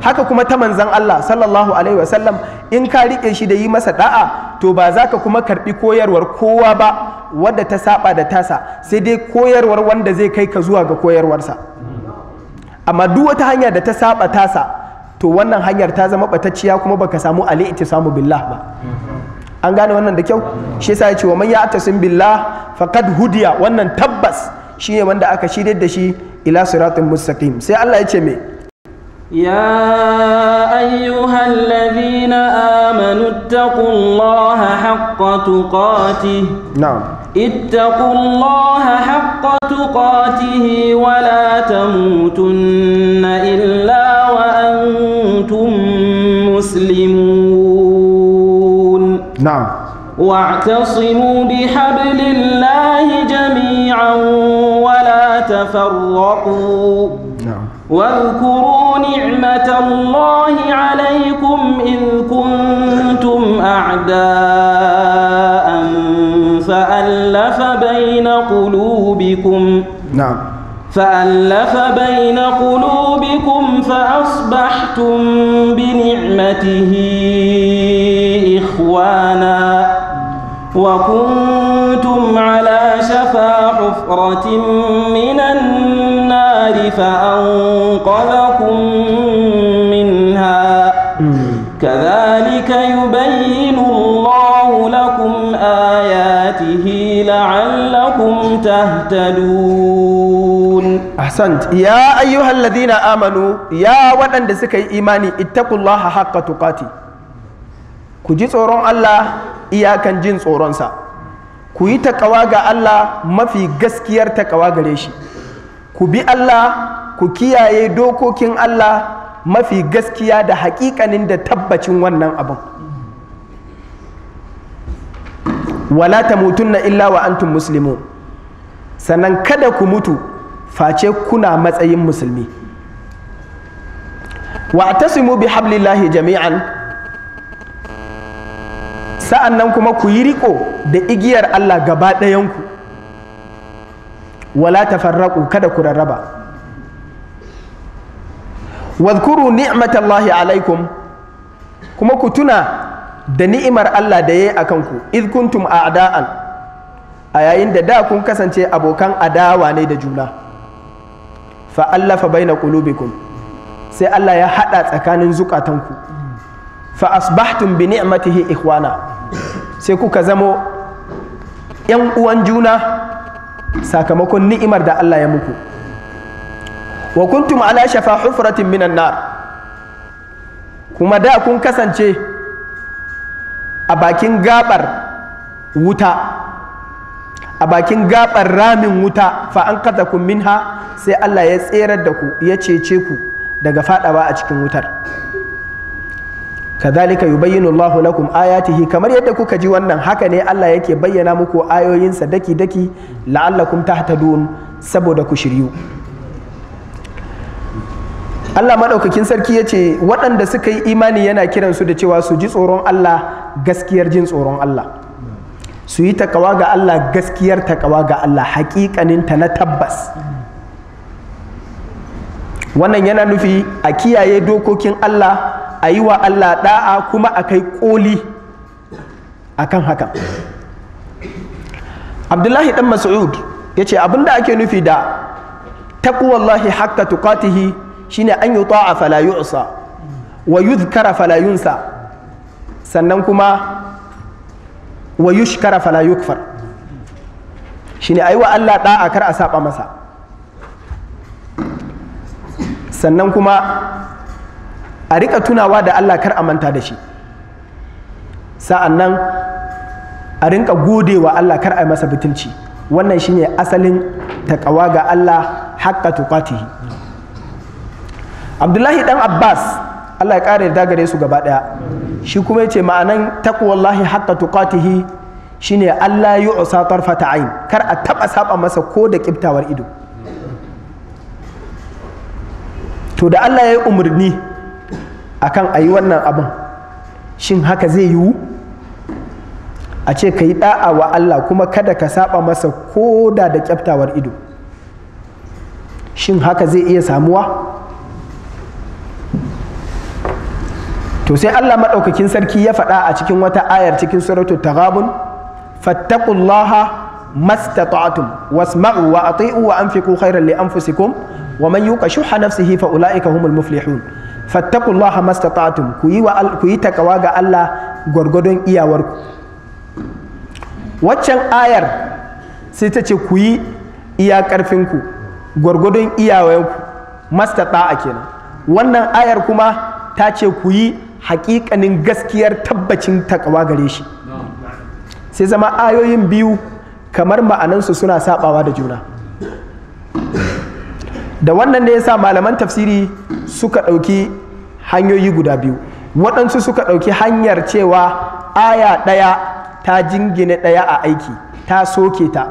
haka kuma ta manzan Allah sallallahu alaihi wasallam in ka riƙe shi da yi masa da'a to ba za ka kuma karɓi koyarwar kowa ba wadda ta saba da tasa sai dai koyarwar wanda zai kai ka zuwa ga koyarwarsa amma duk wata hanya da ta saba tasa to wannan hanyar ta zama batacciya kuma baka samu ali samu billah ba an gane wannan da kyau shi yasa yace wa man ya'tasim billah faqad hudiya wannan tabbas shine wanda aka shirye da shi ila siratin mustaqim sai Allah ya ce me يا أيها الذين آمنوا اتقوا الله حق تقاته نعم اتقوا الله حق تقاته ولا تموتن إلا وأنتم مسلمون نعم واعتصموا بحبل الله جميعا ولا تفرقوا نعم واذكروا نعمة الله عليكم إذ كنتم أعداء فألف بين قلوبكم نعم فألف بين قلوبكم فأصبحتم بنعمته إخوانا وكنتم على شفا حفرة من النار النار فأنقذكم منها كذلك يبين الله لكم آياته لعلكم تهتدون أحسنت يا أيها الذين آمنوا يا ودن دسكي إيماني اتقوا الله حق تقاتي كجي صورون الله إياكا جن صورون سا ku yi takawa ga Allah mafi gaskiyar takawa gare shi ku bi Allah ku kiyaye dokokin Allah mafi gaskiya da haƙiƙanin da tabbacin wannan abin wala ta na illa wa antum muslimun sannan kada ku mutu face kuna matsayin musulmi wa tasimu bi hablillahi jami'an sa'an kuma ku yi riko da igiyar Allah gaba ɗayanku wala tafarraqu kada ku rarraba wadhkuru ni'matallahi alaikum kuma ku tuna da ni'imar Allah da yayi akan ku id kuntum a'da'an a yayin da da kun kasance abokan adawa ne da juna fa allafa baina qulubikum sai Allah ya hada tsakanin zukatanku fa asbahtum bi ni'matihi ikhwana sai kuka zamo yan uwan juna sakamakon ni'imar da Allah ya muku wa kuntum ala shafa hufratin minan nar kuma da kun kasance a bakin gaɓar wuta a bakin gaɓar ramin wuta fa an kun minha sai Allah ya tserar da ku ya cece ku daga fadawa a cikin wutar kadhalika yubayyinu Allahu lakum ayatihi kamar yadda kuka ji wannan haka ne Allah yake bayyana muku ayoyinsa daki daki la'allakum tahtadun saboda ku shiryu Allah maɗaukakin sarki ya ce waɗanda suka yi imani yana kiransu da cewa su ji tsoron Allah gaskiyar jin tsoron Allah su yi takawa ga Allah gaskiyar takawa ga Allah hakikaninta na tabbas wannan yana nufi a kiyaye dokokin Allah a yi wa Allah da'a kuma a kai koli a kan haka abdullahi Ɗan mas'ud ya ce abinda ake nufi da haka tuƙatihi shi shine an yi fala yu'sa wa yi fala falayunsa sannan kuma wa yushkara shi ne a yi wa Allah da'a kar a saba masa sannan kuma a rika tunawa da Allah kar a manta da shi sa'an nan a rinka gode wa Allah kar a yi masa butulci wannan shine asalin takawa ga Allah haqqa tuqatihi Abdullahi ɗan Abbas Allah ya ƙara da gare su gaba ɗaya shi kuma ce ma'anan taqwallahi haqqa shi shine Allah yu'sa tarfata ayn kar a taɓa saɓa masa ko da ƙiftawar ido to da Allah ya yi umarni akan a yi wannan abin shin haka zai yiwu a ce ka yi da'a wa Allah kuma kada ka saba masa koda da kyaftawar ido shin haka zai iya samuwa to sai Allah maɗaukakin sarki ya faɗa a cikin wata ayar cikin suratu taghabun fattaqullaha mastata'tum wasma'u wa ati'u wa anfiqu khairan li anfusikum wa man yuqashu nafsihi fa ulaika humul muflihun fattaqullaha mastata'tum ku yi wa ku yi takawa ga Allah gwargwadon iyawarku waccan ayar sai ta ce ku yi iya karfinku gwargwadon iyawarku mastata'a kenan wannan ayar kuma ta ce ku yi hakikanin gaskiyar tabbacin takawa gare shi sai zama ayoyin biyu kamar ma'anansu suna sabawa da juna da wannan ne yasa malaman tafsiri suka ɗauki hanyoyi guda biyu waɗansu suka ɗauki hanyar cewa aya ɗaya ta jingine ɗaya a aiki ta soke ta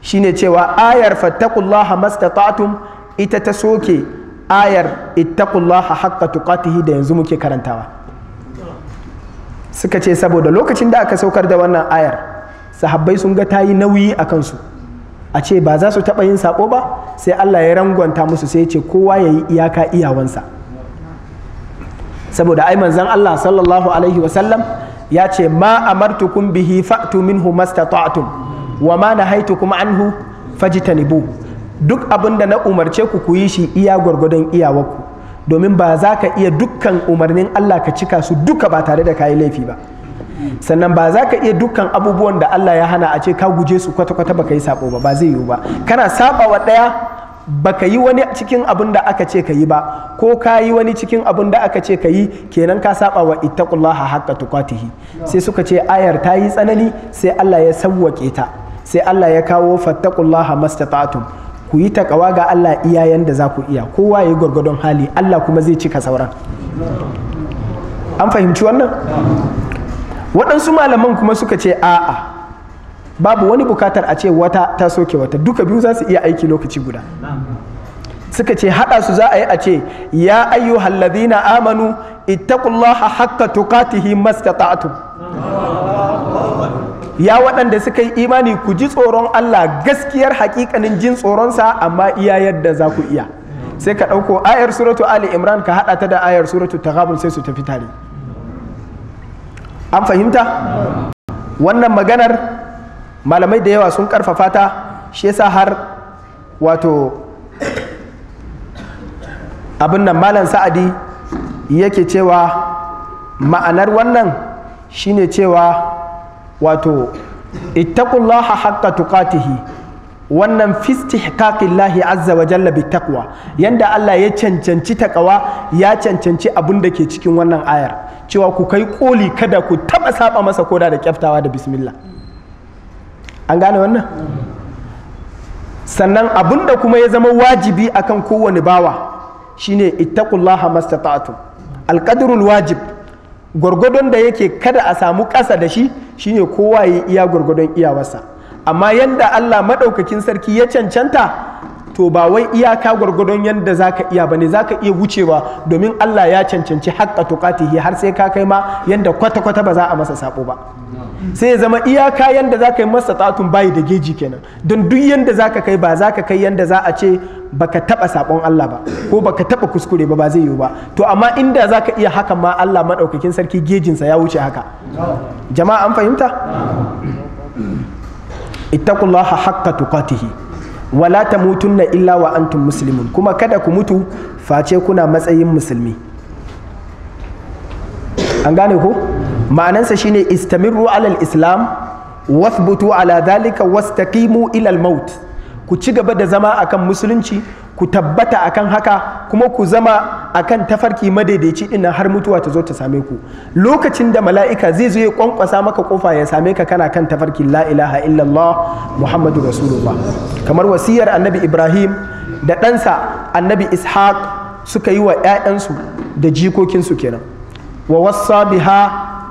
shine cewa ayar fattakullaha mastata'tum ita ta soke ayar ittaqullaha haqqa tuqatihi da yanzu muke karantawa suka ce saboda lokacin da aka saukar da wannan ayar sahabbai sun ga tayi nauyi a kansu a ce ba za su taɓa yin saƙo ba sai Allah ya rangwanta musu sai ce kowa ya yi iyaka iyawansa saboda ai manzon Allah sallallahu alaihi wasallam ya ce ma amartukum bihi fa'tu minhu mastata'tum wa ma nahaitukum anhu fajtanibu duk abin da na umarce ku ku yi shi iya gwargwadon iyawarku domin ba za ka iya dukkan umarnin Allah ka cika su duka ba tare da kayi laifi ba sannan ba za ka iya dukkan abubuwan da Allah ya hana a ce ka guje su kwata-kwata baka yi sabo ba ba zai yiwu ba kana saba wa ɗaya baka yi wani cikin abin da aka ce ka yi ba ko ka yi wani cikin abin da aka ce ka yi kenan ka saba wa ittaqullaha haqqa tuqatihi sai suka ce ayar ta yi tsanani sai Allah ya sawwake ta sai Allah ya kawo fattaqullaha mastata'tum ku yi ta kawa ga Allah iya yanda za ku iya kowa ya yi gwargwadon hali Allah kuma zai cika sauran an fahimci wannan waɗansu malaman kuma suka ce a'a babu wani bukatar a ce wata ta soke wata duka biyu za su iya aiki lokaci guda suka ce haɗa su za a yi a ce ya ayyu halladina amanu ittaqullaha haqqa tuqatihi ta'atu ya waɗanda suka yi imani ku ji tsoron Allah gaskiyar hakikanin jin tsoronsa amma iya yadda za ku iya sai ka ɗauko ayar suratu ali imran ka haɗa ta da ayar suratu taghabun sai su tafi tare an fahimta wannan maganar malamai da yawa sun karfafa ta shi yasa har wato abin nan malam sa'adi yake cewa ma'anar wannan shine cewa wato ittaqullaha haqqa tuqatihi wannan fi azza wa jalla bittaqwa yanda Allah ya cancanci takawa ya cancanci abin da ke cikin wannan ayar cewa ku kai koli kada ku taba saba masa koda da kyaftawa da bismillah an gane wannan sannan abinda kuma ya zama wajibi akan kowane bawa shine ittaqullaha mastata'tum alqadrul wajib gwargwadon da yake kada a samu ƙasa da shi shine kowa ya iya gwargwadon iyawarsa amma yanda Allah maɗaukakin sarki ya cancanta to ba wai iyaka gwargwadon yadda za ka iya ba ne za ka iya wucewa domin Allah ya cancanci haƙƙa tuqatihi har sai ka kai ma yadda kwata-kwata ba za a masa sabo ba sai ya zama iyaka yadda za ka yi masa tsatun bayi da geji kenan don duk yadda za ka kai ba za ka kai yadda za a ce ba ka taɓa sabon Allah ba ko ba ka taɓa kuskure ba ba zai yiwu ba to amma inda za ka iya haka ma Allah maɗaukakin sarki gejinsa ya wuce haka jama'a an fahimta ittaqullaha haqqa tuqatihi wala mutunna illa wa antum muslimun kuma kada ku mutu face kuna matsayin musulmi an gane ko ma'anansa shine istamirru alal islam wasbutu ala dhalika wastaqimu ila al maut ku ci gaba da zama akan musulunci ku tabbata akan haka kuma ku zama akan tafarki madaidaici ina har mutuwa ta zo ta same ku lokacin da mala'ika zai zo ya kwankwasa maka kofa ya same ka kana kan tafarki la ilaha illallah muhammadu rasulullah kamar wasiyar annabi ibrahim da ɗansa annabi ishaq suka yi wa 'ya'yansu da jikokinsu kenan wa wasa biha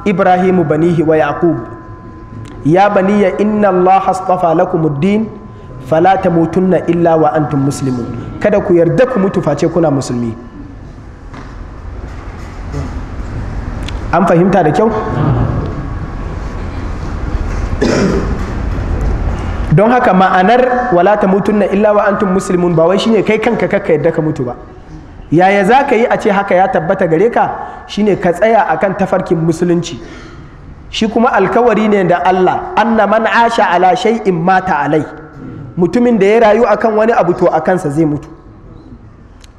ibrahimu banihi wa yaqub ya baniya inna allaha astafa lakumud din fala na illa wa antum kada ku yarda ku mutu face kuna musulmi an fahimta da kyau don haka ma'anar wala tamutunna illa wa antum muslimun ba wai shine kai kanka kakka yarda ka mutu ba yaya za ka yi a ce haka ya tabbata gare ka shine ka tsaya akan tafarkin musulunci shi kuma alkawari ne da Allah anna man asha ala shay'in mata alai mutumin da ya rayu akan wani abu to a kansa zai mutu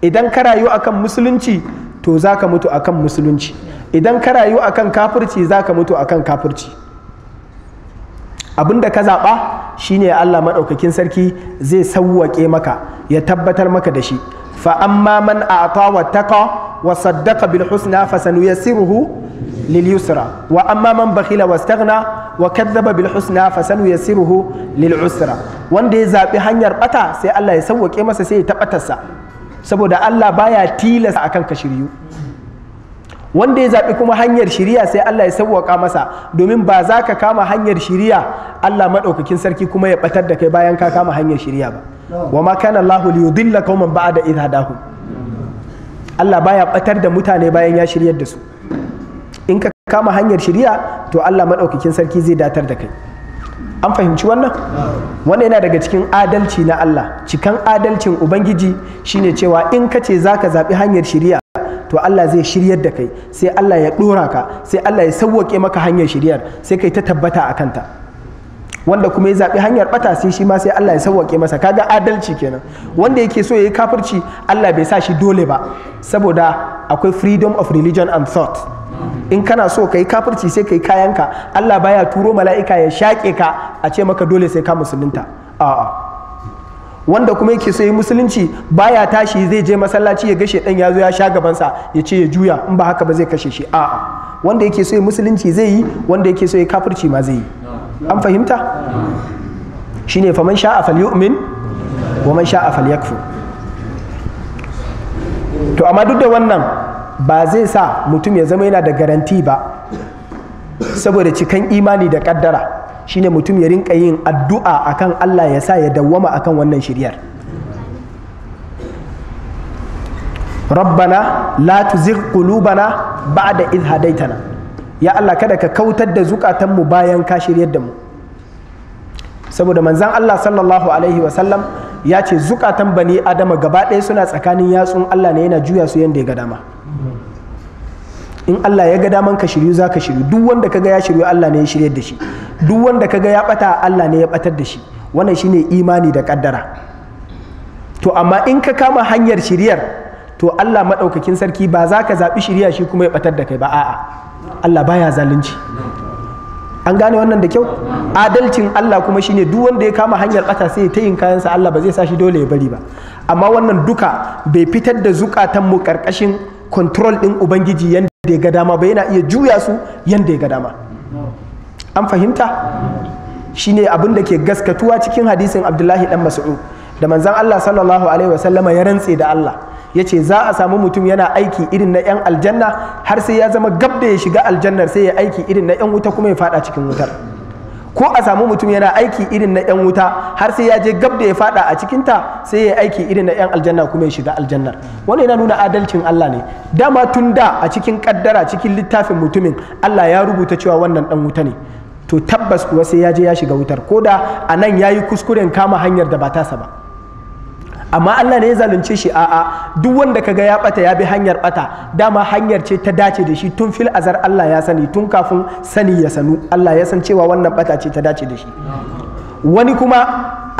idan ka rayu akan musulunci to za ka mutu akan musulunci idan ka rayu akan kafirci za ka mutu akan kafirci abinda ka zaɓa shine Allah maɗaukakin sarki zai sauwaƙe maka ya tabbatar maka da shi fa amma man a'ta wa taqa wa saddaqa bil husna fa sanuyassiruhu lil yusra wa amma man bakhila wastaghna wa kadhaba bil husna fa sanuyassiruhu lil usra wanda ya zaɓi hanyar ɓata sai Allah ya sauwaƙe masa sai ya taɓatarsa saboda Allah baya tilasta akan ka shiryu wanda ya zaɓi kuma hanyar shiriya sai Allah ya sauwaƙa masa domin ba za ka kama hanyar shiriya Allah maɗaukakin sarki kuma ya ɓatar da kai bayan ka kama hanyar shiriya ba wa ma kana Allah li yudilla qauman ba'da idh Allah baya ɓatar da mutane bayan ya shiryar da su in ka kama hanyar shiriya to Allah maɗaukakin sarki zai datar da kai an fahimci wannan wannan yana daga cikin adalci na Allah cikan adalcin ubangiji shine cewa in kace zaka zaɓi hanyar shiriya to Allah zai shiryar da kai sai Allah ya ɗora ka sai Allah ya sauwaƙe maka hanyar shiryar sai kai ta tabbata a kanta wanda kuma ya zaɓi hanyar ɓata sai shi ma sai Allah ya sauwaƙe masa kaga adalci kenan wanda yake so ya yi kafirci Allah bai sa shi dole ba saboda akwai freedom of religion and thought in kana so ka yi kafirci sai ka yi kayanka Allah baya turo mala'ika ya shaƙe ka a ce maka dole sai ka musulunta a'a wanda kuma yake so ya yi musulunci baya tashi zai je masallaci ya gashe dan ya zo ya sha gabansa ya ce ya juya in ba haka ba zai kashe shi a'a wanda yake so ya yi musulunci zai yi wanda yake so ya yi kafirci ma zai yi an fahimta shi ne faman sha'a falyu'min wa man sha'a falyakfur to amma duk da wannan ba zai sa mutum ya zama yana da garanti ba saboda cikan imani da kaddara shine mutum ya rinka yin addu'a akan Allah ya sa ya dawwama akan wannan shiryar rabbana la tuzigh qulubana ba'da idh hadaytana ya Allah kada ka kautar da zukatanmu bayan ka shiryar da mu saboda manzan Allah sallallahu alaihi wasallam ya ce zukatan bani adama gaba ɗaya suna tsakanin yatsun Allah ne yana juya su yadda ya ga dama in Allah ya ga daman ka shiryu za ka shiryu duk wanda kaga ya shiryu Allah ne ya shiryar da shi duk wanda ka ga ya bata Allah ne ya batar da shi wannan shine imani da kaddara to amma in ka kama hanyar shiryar to Allah madaukakin sarki ba za ka zaɓi shirya shi kuma ya batar da kai ba a'a Allah baya zalunci an gane wannan da kyau adalcin Allah kuma shine duk wanda ya kama hanyar ƙasa sai ta yin kayansa Allah ba zai sa shi dole ya bari ba amma wannan duka bai fitar da zukatan mu karkashin control din ubangiji yanda ya ga dama ba yana iya juya su yanda ya ga dama an fahimta shine abin da ke gaskatuwa cikin hadisin Abdullahi dan Mas'ud da manzon Allah sallallahu alaihi wasallama ya rantse da Allah ya ce za a samu mutum yana aiki irin na 'yan aljanna har sai ya zama gab da ya shiga aljannar sai ya aiki irin na 'yan wuta kuma ya fada cikin wutar ko a samu mutum yana aiki irin na 'yan wuta har sai ya je gab da ya fada a cikinta sai ya aiki irin na 'yan aljanna kuma ya shiga aljannar wannan yana nuna adalcin Allah ne dama tun da a cikin kaddara cikin littafin mutumin Allah ya rubuta cewa wannan dan wuta ne to tabbas kuwa sai ya je ya shiga wutar ko da a nan ya yi kuskuren kama hanyar da ba tasa ba amma Allah ne ya zalunce shi a'a duk wanda kaga ya bata ya bi hanyar bata dama hanyar ce ta dace da shi tun fil azar Allah ya sani tun kafin sani ya sanu Allah ya san cewa wannan bata ce ta dace da shi wani kuma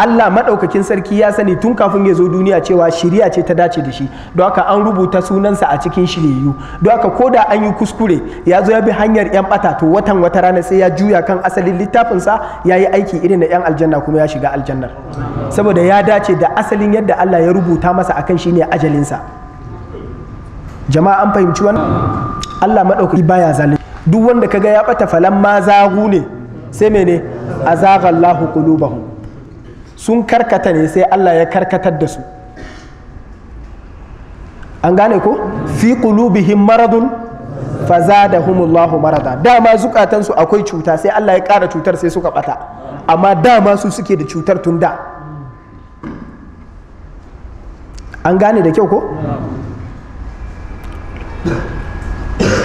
Allah maɗaukakin sarki ya sani tun kafin ya zo duniya cewa shiriya ce ta dace da shi don haka an rubuta sunansa a cikin shiriyu don haka ko da an yi kuskure ya zo ya bi hanyar yan bata to watan wata rana sai ya juya kan asalin littafinsa ya yi aiki irin na yan aljanna kuma ya shiga aljannar saboda ya dace da asalin yadda Allah ya rubuta masa akan ne ajalinsa jama'a an fahimci wannan Allah maɗaukaki baya zalin. duk wanda kaga ya bata falan ma zagu ne sai mene azaghallahu qulubahum sun karkata ne sai Allah ya karkatar da su an gane ko fi qulubihim maradun fazadahumullahu marada dama zukatansu akwai cuta sai Allah ya kara cutar sai suka bata amma dama su suke da cutar tun da an gane da kyau ko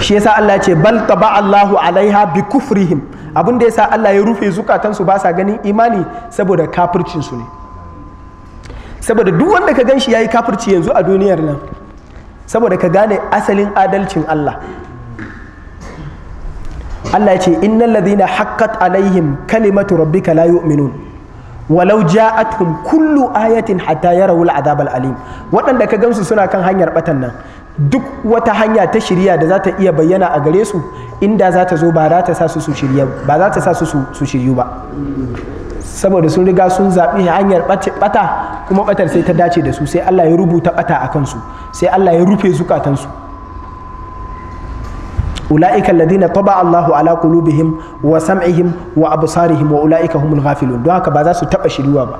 shi yasa Allah ya ce bal taba Allahu alaiha bi kufrihim abin da ya sa Allah ya rufe zukatansu ba sa ganin imani saboda kafircinsu ne saboda duk wanda ka gan shi ya yi kafirci yanzu a duniyar nan saboda ka gane asalin adalcin Allah Allah ya ce innal ladhina haqqat alaihim kalimatu rabbika la yu'minun walau ja'atuhum kullu ayatin hatta yarawul rawu alim waɗanda ka gamsu suna kan hanyar batan nan duk wata hanya ta shirya da za ta iya bayyana a gare su inda za ta zo ba za ta sa su shirya ba za ta sa su su shiryu ba saboda sun riga sun zaɓi hanyar ɓata kuma ɓatar sai ta dace da su sai Allah ya rubuta ɓata a kansu sai Allah ya rufe zukatansu ula'ika alladhina taba Allahu ala qulubihim wa sam'ihim wa absarihim wa ula'ika humul ghafilun don haka ba za su taɓa shiryuwa ba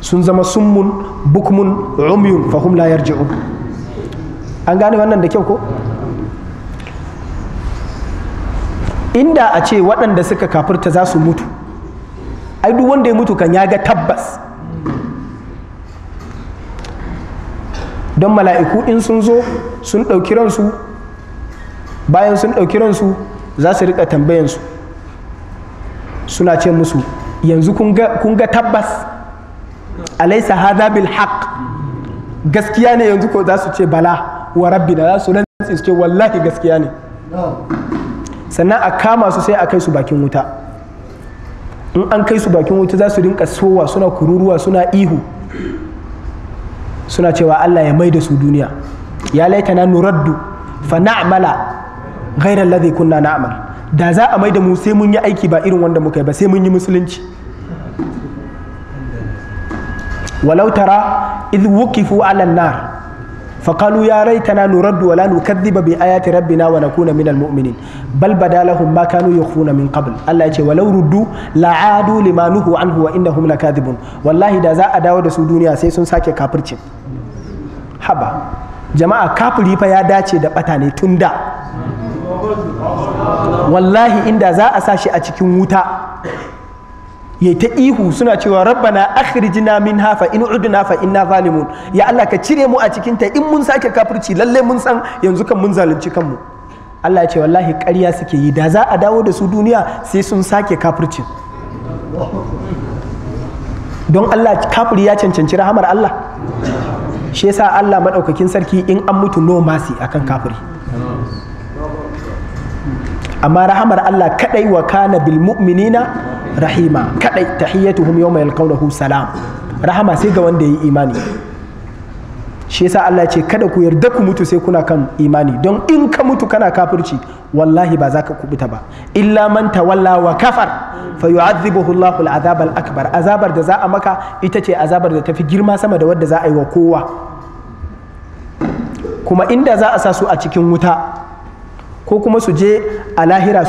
sun zama summun bukmun umyun fahum la yarji'un an gane wannan da kyau ko inda a ce waɗanda suka kafirta za su mutu ai duk wanda ya mutu kan ya ga tabbas don mala'iku in sun zo sun ɗauki ransu bayan sun ɗauki ransu za su riƙa tambayansu suna ce musu yanzu kun ga tabbas alaisa hadha bil haq gaskiya ne yanzu ko za su ce bala wa rabbi za su nan su ce wallahi gaskiya ne sannan a kama su sai a kai su bakin wuta in an kai su bakin wuta za su rinka sowa suna kururuwa suna ihu suna cewa Allah ya mai da su duniya ya laita na nuraddu fa na'mala kunna na'mal da za a mai da mu sai mun yi aiki ba irin wanda muka yi ba sai mun yi musulunci Walautara tara idh wuqifu nar فقالوا يا ريتنا نرد ولا نكذب بآيات ربنا ونكون من المؤمنين بل بدا لهم ما كانوا يخفون من قبل الله يجي ولو ردوا لعادوا لما نهوا عنه وإنهم لكاذبون والله دا za a dawo da su duniya sai sun sake kafircin haba jama'a kafiri fa ya dace da bata ne tun da wallahi cikin wuta yayi ta ihu suna cewa rabbana akhrijna min hafa in udna fa inna zalimun ya Allah ka cire mu a cikin ta in mun sake kafirci lalle mun san yanzu kan mun zalunci kanmu Allah ya ce wallahi ƙarya suke yi da za a dawo da su duniya sai sun sake kafircin don Allah kafiri ya cancanci rahamar Allah shi yasa Allah maɗaukakin sarki in an mutu no masi akan kafiri amma rahamar Allah kadai wa kana bil mu'minina rahima kadai tahiyyatuhum yawma yalqawnahu salam rahama sai ga wanda ya yi imani shi yasa Allah ce kada ku yarda ku mutu sai kuna kan imani don in ka mutu kana kafirci wallahi ba za ka kubuta ba illa man tawalla wa kafar fa yu'adhibuhu Allahu al-azab al-akbar azabar da za a maka ita ce azabar da tafi girma sama da wadda za a yi wa kowa kuma inda za a sa su a cikin wuta ko kuma su je a lahira